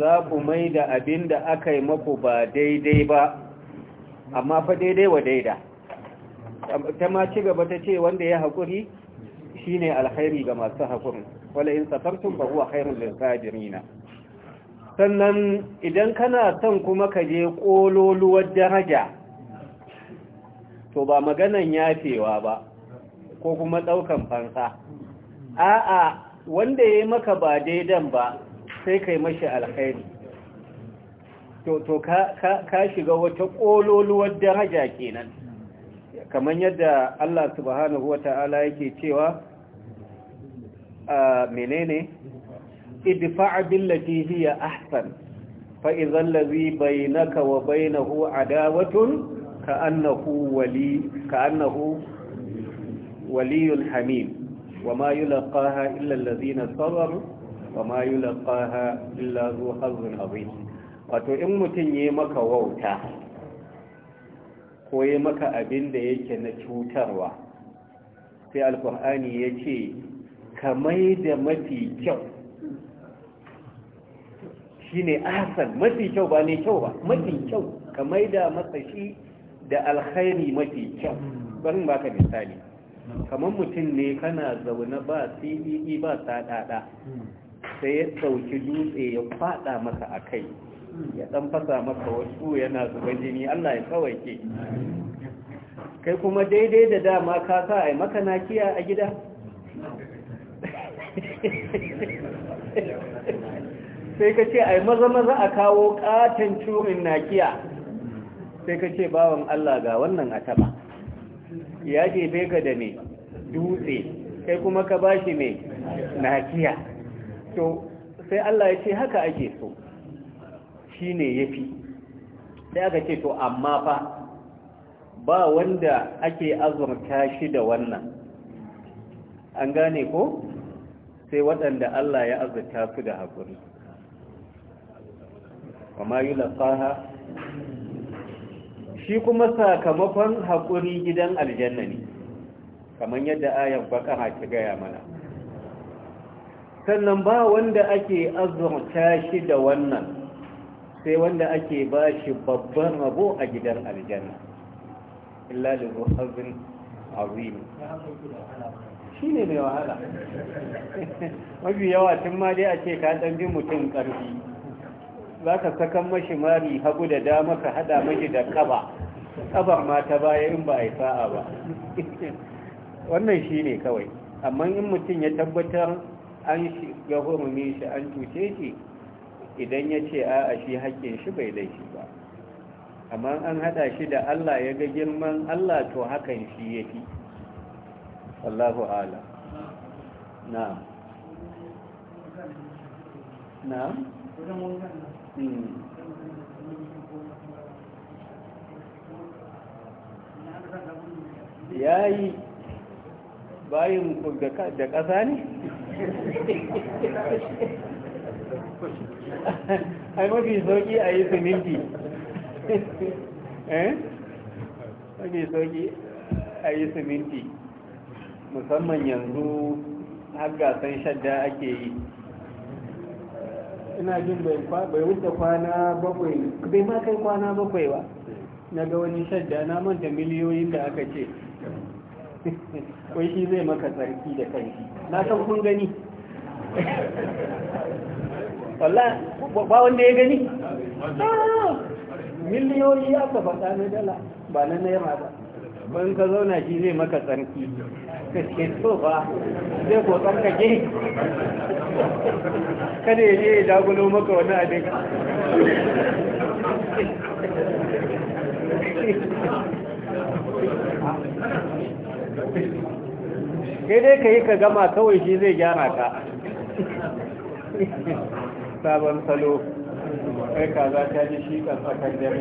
za ku mai da abin da aka yi maku ba daidai ba amma fa daidai wa daida ta ma ci gaba ta ce wanda ya haƙuri shine alkhairi ga masu haƙurin wala in safartum ba huwa khairul lisabirin sannan idan kana son kuma ka je kololuwar daraja to ba maganan yafewa ba ko kuma daukan fansa a'a wanda yayi maka ba daidan ba sai kai mashi alkhairi to ka shiga wata kololuwar daraja kenan kamar yadda Allah subhanahu wata'ala yake cewa menene idfa' billati hiya ahsan fa idza allazi bainaka wa bainahu adawatun ka'annahu wali ka'annahu waliyul hamim wama yulqaha illa allazina sabaru wama yulqaha illa zu hazzin azim wato in mutun yi maka wauta Koya maka abin da yake na cutarwa sai alkur'ani ya ce ka mai mafi kyau shi ne asal mafi kyau ba ne kyau ba mafi kyau ka mai da masa shi da alkhairi mafi kyau barin baka misali kamar mutum ne kana zaune ba cdd e e ba sadada sai ya ɗauki dutse ya faɗa maka a kai ya dan fasa maka wasu yana zuba jini Allah ya ke kai kuma daidai da dama ka sa yi maka nakiya a gida sai ka ce yi maza maza a kawo katon curin nakiya sai ka ce bawan Allah ga wannan a taba ya bai ga da ne dutse kai kuma ka ba shi mai nakiya to sai Allah ya ce haka ake so Shi ne ya fi, sai aka ce to amma fa ba wanda ake azurta shi da wannan an gane ko sai waɗanda Allah ya azurta su da haƙuri amma yi lafaha shi kuma sakamakon haƙuri gidan aljanna ne kamar yadda ayar baƙara ta gaya mana sannan ba wanda ake azurta shi da wannan sai wanda ake ba shi babban rabo a gidan aljanna illa da ruhazin azim shi ne mai wahala [laughs] mafi yawa tun ma dai a ce ka ɗan bi mutum ƙarfi za ka sakan mashi mari hagu da dama ka haɗa mashi da ƙaba ƙabar ma ta baya in ba a yi sa'a ba [laughs] wannan shi ne kawai amma in mutum ya tabbatar an ya hurumi shi an cuce shi idan ya ce a a shi haƙƙin shi bai laifi ba amma an haɗa shi da allah ya ga girman allah to hakan shi ya fi allahu ala na na hmm. ya yi bayan da ƙasa ne [laughs] a yi eh? mafi sauki a yi siminti musamman yanzu har gasan shadda ake yi ina jin bai wuce kwana bakwai bai ma kai kwana bakwai ba na ga wani shadda na manta miliyoyin da aka ce wai shi zai maka tsarki da kanki na san kun gani walla ba wanda ya gani miliyoyi aka faɗa na dala ba na naira ba ban ka zauna shi zai maka tsarki ka ce so ba zai ko tsarkake kada ya je ya dagulo maka wani abin sai dai ka yi ka gama kawai shi zai gyara ka sabon salo kai kaza ta ji shi kan tsakar dare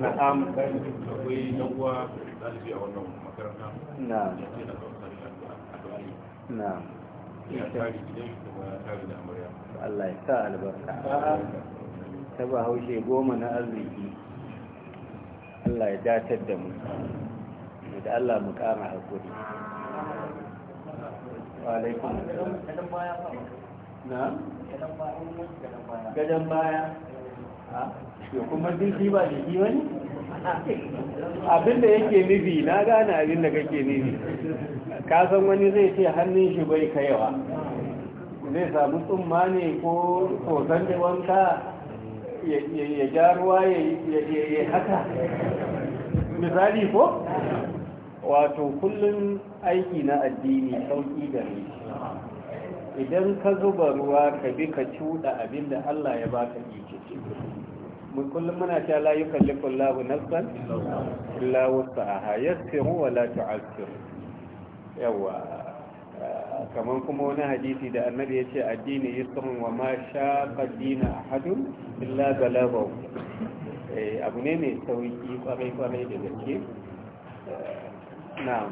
na am akwai yan uwa ɗalibi a wannan makaranta na na Allah ya sa albarka ta ba haushe goma na arziki Allah ya datar da mu da Allah mu kama hakuri gadon baya ya kuma dinki ba da kiwa ne da yake nufi na gane abin da kake nufi kasan wani zai ce hannun shi bai kaiwa zai samu tsumma ne ko kosan da wanka ya ja ruwa ya haka misali ko wato kullum aiki na addini sauki da shi idan ka zuba ruwa ka bi ka cuɗa abin da Allah ya baka ike mun kullum muna ta la yukallifu Allahu nafsan illa wus'aha yassiru wa la tu'assir yawa kaman kuma wani hadisi da annabi yace addini yusrun wa ma shaqa dina ahadun illa balaghahu eh abu ne mai sauki kwarai kwarai da gaske na'am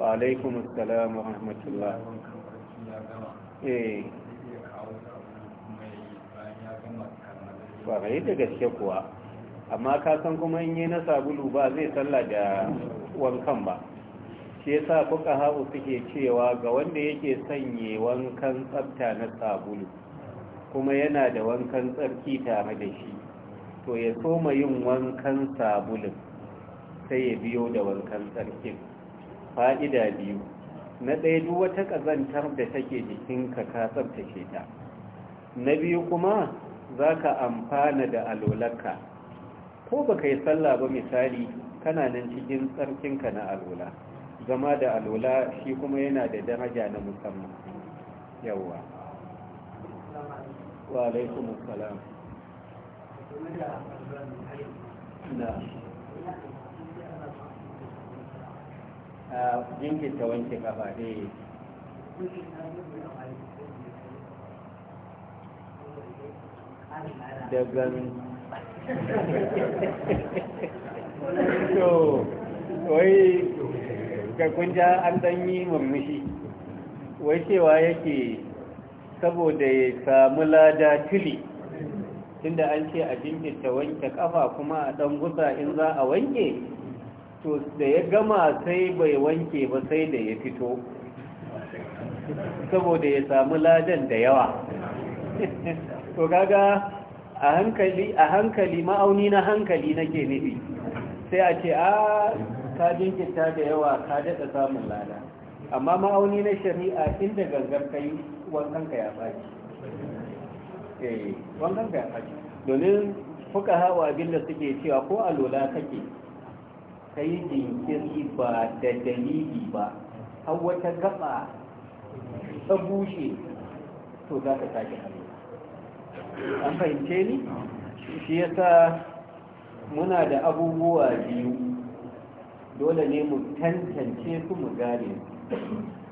وعليكم السلام ورحمة الله ba da gaske kuwa amma ka san kuma in yi na sabulu ba zai salla da wankan ba shi sa fuka haɓu suke cewa ga wanda yake sanye wankan tsabta na sabulu kuma yana da wankan tsarki tare da shi to ya soma yin wankan sabulun sai ya biyo da wankan tsarkin fa'ida biyu na ɗaya duk wata ƙazantar da take jikinka ka tsabtace ta na biyu kuma za ka amfana da alolarka ko ba ka yi sallah ba misali kana nan cikin tsarkinka na alola zama da alola shi kuma yana da daraja na musamman yawwa wa alaikumussalam na jinkirta wanke eh. da gan [laughs] to an ɗan yi murmushi wai cewa yake saboda ya samu lada tuli, tunda an ce a jinkirta wanke kafa kuma a ɗan gusa in za a wanke to da ya gama sai bai wanke ba sai da ya fito saboda ya samu ladan da yawa [laughs] to gaga a hankali a hankali ma'auni na hankali nake nufi sai a ce a ah, ka jinkita da yawa ka daɗa samun lada amma ma'auni na shari'a inda gangar kai ka ya faɗi eh ka ya faɗi domin fuka hawa abinda suke cewa ko alola kake ka yi jinkiri ba da dalili ba har wata gaba ta bushe to za ka sake hannu an fahimce ni shi ya sa muna da abubuwa biyu dole ne mu tantance su mu gane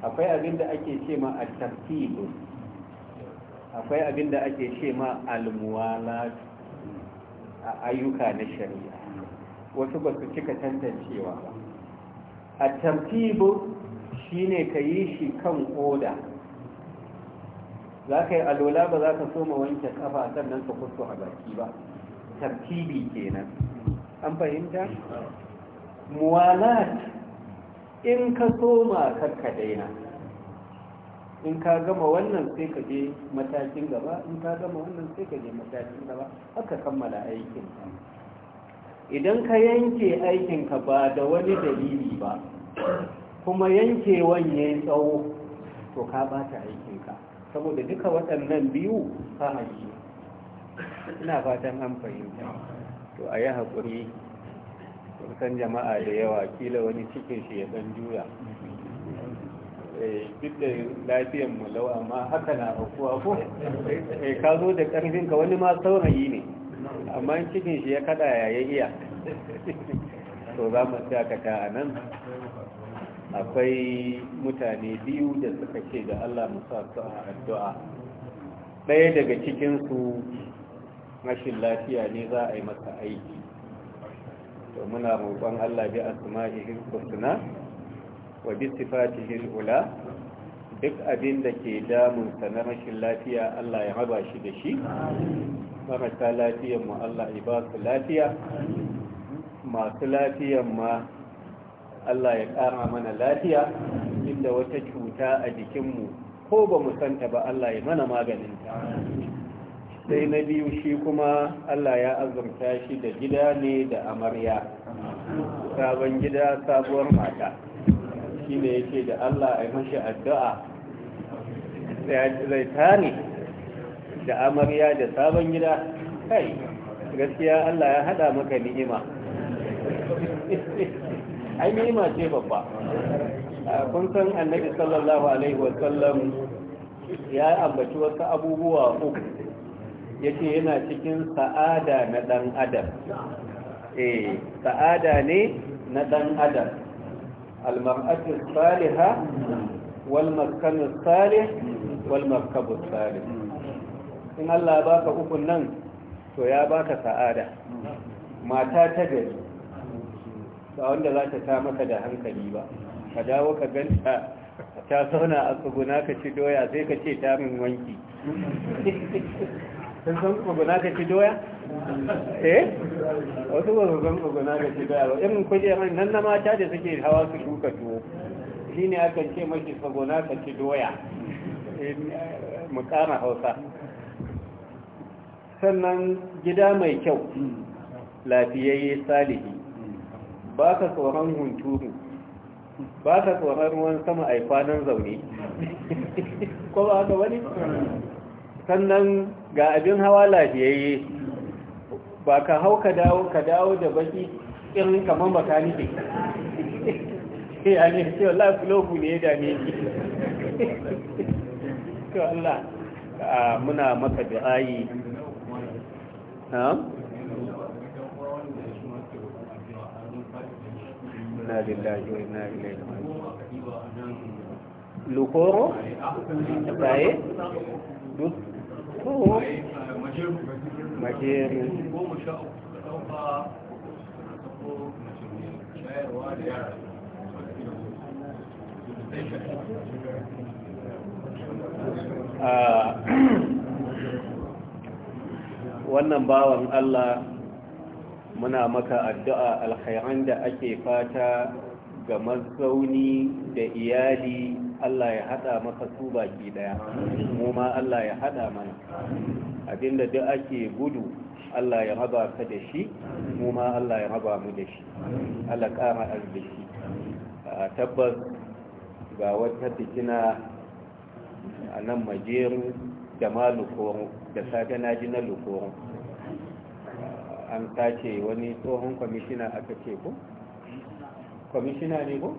akwai abin da ake ce ma a tafiye akwai abin da ake ce ma almuwala a ayyuka na shari'a wasu ba su cika tantancewa ba a tartibu ne ka yi shi kan koda za ka yi alola ba za ka soma wanke kafa sannan ka kusto a baki ba tartibi kenan an fahimta muwalat in ka soma karka daina in ka gama wannan sai ka je matakin gaba in ka gama wannan sai ka je matakin gaba haka kammala aikin idan ka yanke aikinka ba da wani dalili ba kuma yanke ya tsawo to ka bata aikinka saboda duka waɗannan biyu ka haji ina fatan an fahimta to a yi haƙuri kusan jama'a da yawa kila wani cikin shi ya ɗan juya eh, duk da lafiyan mu lau amma haka na aukuwa ko eh, ka zo da ƙarfinka wani ma saurayi ne amma cikin shi ya kada ya iya to za mu dakata a nan akwai mutane biyu da suka ce da Allah musa su a addu'a ɗaya daga cikinsu rashin lafiya ne za a yi masa aiki to muna roƙon Allah bi asma'ihi husna wa bi sifatihi ula duk abin da ke damunsa na rashin lafiya Allah ya raba shi da shi marasa lafiyan mu Allah ya ba su lafiya masu lafiyan ma Allah ya ƙara mana lafiya inda wata cuta a jikinmu ko ba mu santa ba Allah ya mana maganinta sai na biyu shi kuma Allah ya azurta shi da gida ne da amarya sabon gida sabuwar mata shi ne yake da Allah ya mashi addu'a zai tare da amarya da sabon gida kai gaskiya Allah ya hada maka ni'ima [laughs] ai ni'ima ce babba kun san annabi sallallahu alaihi wasallam ya ambaci wasu abubuwa uku yace yana cikin sa'ada na dan adam eh sa'ada ne na dan adam al-mar'atu salihah wal makanu salih wal makabu salih in Allah ya baka ukun nan to ya baka sa'ada mata ta gari ba wanda za ta ta maka da hankali ba ka dawo ka ganta ta zauna a tsuguna ka ci doya sai ka ce ta min wanki sun san tsuguna ka ci doya? eh wasu ba su san tsuguna ka ci doya ba In kuje mai nan na mata da suke hawa su shuka tuwo shi ne akan ce mashi tsuguna ka ci doya eh, mukama hausa sannan gida mai kyau lafiyayye salihi ba ka tsoron hunturu ba ka tsoron ruwan sama a kwanan zaune [laughs] ko ba ka wani sannan ga abin hawa lafiyayye ba ka hau ka dawo ka dawo da baki irin kamar makanike [laughs] ya ne ce lafi filofu ne ya dame ki Ka [laughs] Allah muna maka du'ayi na lukoro duk majeru a wannan bawan Allah muna maka addu'a alkhairan da ake fata ga mazauni da iyali Allah ya hada maka su baki daya mu ma Allah ya hada mana abinda duk ake gudu Allah ya raba ka da shi mu ma Allah ya raba mu da shi Allah ƙara arziki tabbas ga wata fitina a nan majeru da ma lukoron da safe na ji na lukoron an tace wani tsohon kwamishina aka ce ko? kwamishina ne ku?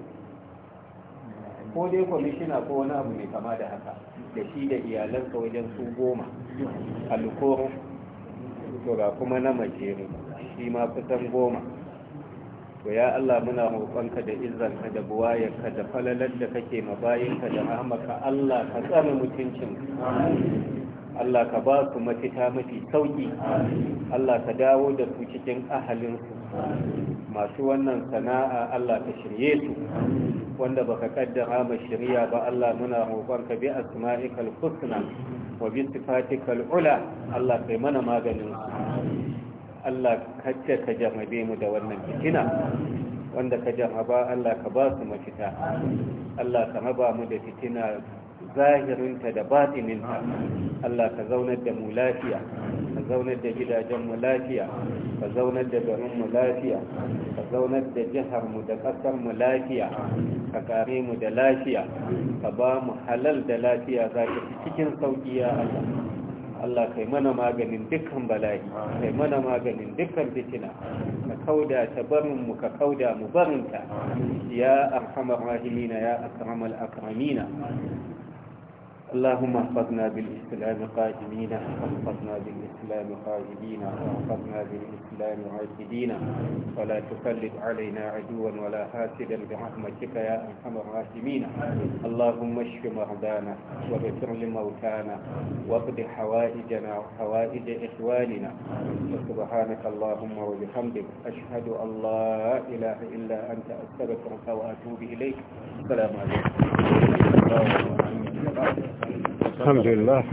ko dai kwamishina ko wani abu mai kama da haka da shi da iyalansa wajen su goma a lukoron to ga kuma na majeru shi ma kusan goma to ya Allah muna rokonka da izanka da buwayarka da falalar da kake mabayinka da ka Allah ka tsare mutuncin Allah ka ba su mafita mafi sauki Allah ka dawo da su cikin ahalinsu masu wannan sana'a Allah ka shirye su wanda baka kaddara ma shirya ba Allah muna roƙonka bi asma'ikal husna wa bi sifatikal ula Allah kai mana maganin su Allah kacce ka jarrabe mu da wannan fitina wanda ka jarraba Allah ka ba su mafita Allah ka raba mu da fitina zahirinta da batininta Allah ka zaunar da mu lafiya ka zaunar da gidajen mu lafiya ka zaunar da garin mu lafiya ka zaunar da jihar mu da kasar mu lafiya ka kare mu da lafiya ka ba mu halal da lafiya zaki cikin sauki ya Allah Allah kai mana maganin dukkan bala'i kai mana maganin dukkan fitina ka kauda ta barin mu ka kauda mu barinta ya arhamar rahimina ya akramal akramina اللهم احفظنا بالإسلام قائمين واحفظنا بالإسلام قائمين واحفظنا بالإسلام عاكدين ولا تسلط علينا عدوا ولا حاسدا برحمتك يا أرحم الراحمين اللهم اشف مرضانا وبشر لموتانا واقض حوائجنا وحوائج إخواننا سبحانك اللهم وبحمدك أشهد أن لا إله إلا أنت أستغفرك وأتوب إليك السلام عليكم الحمد لله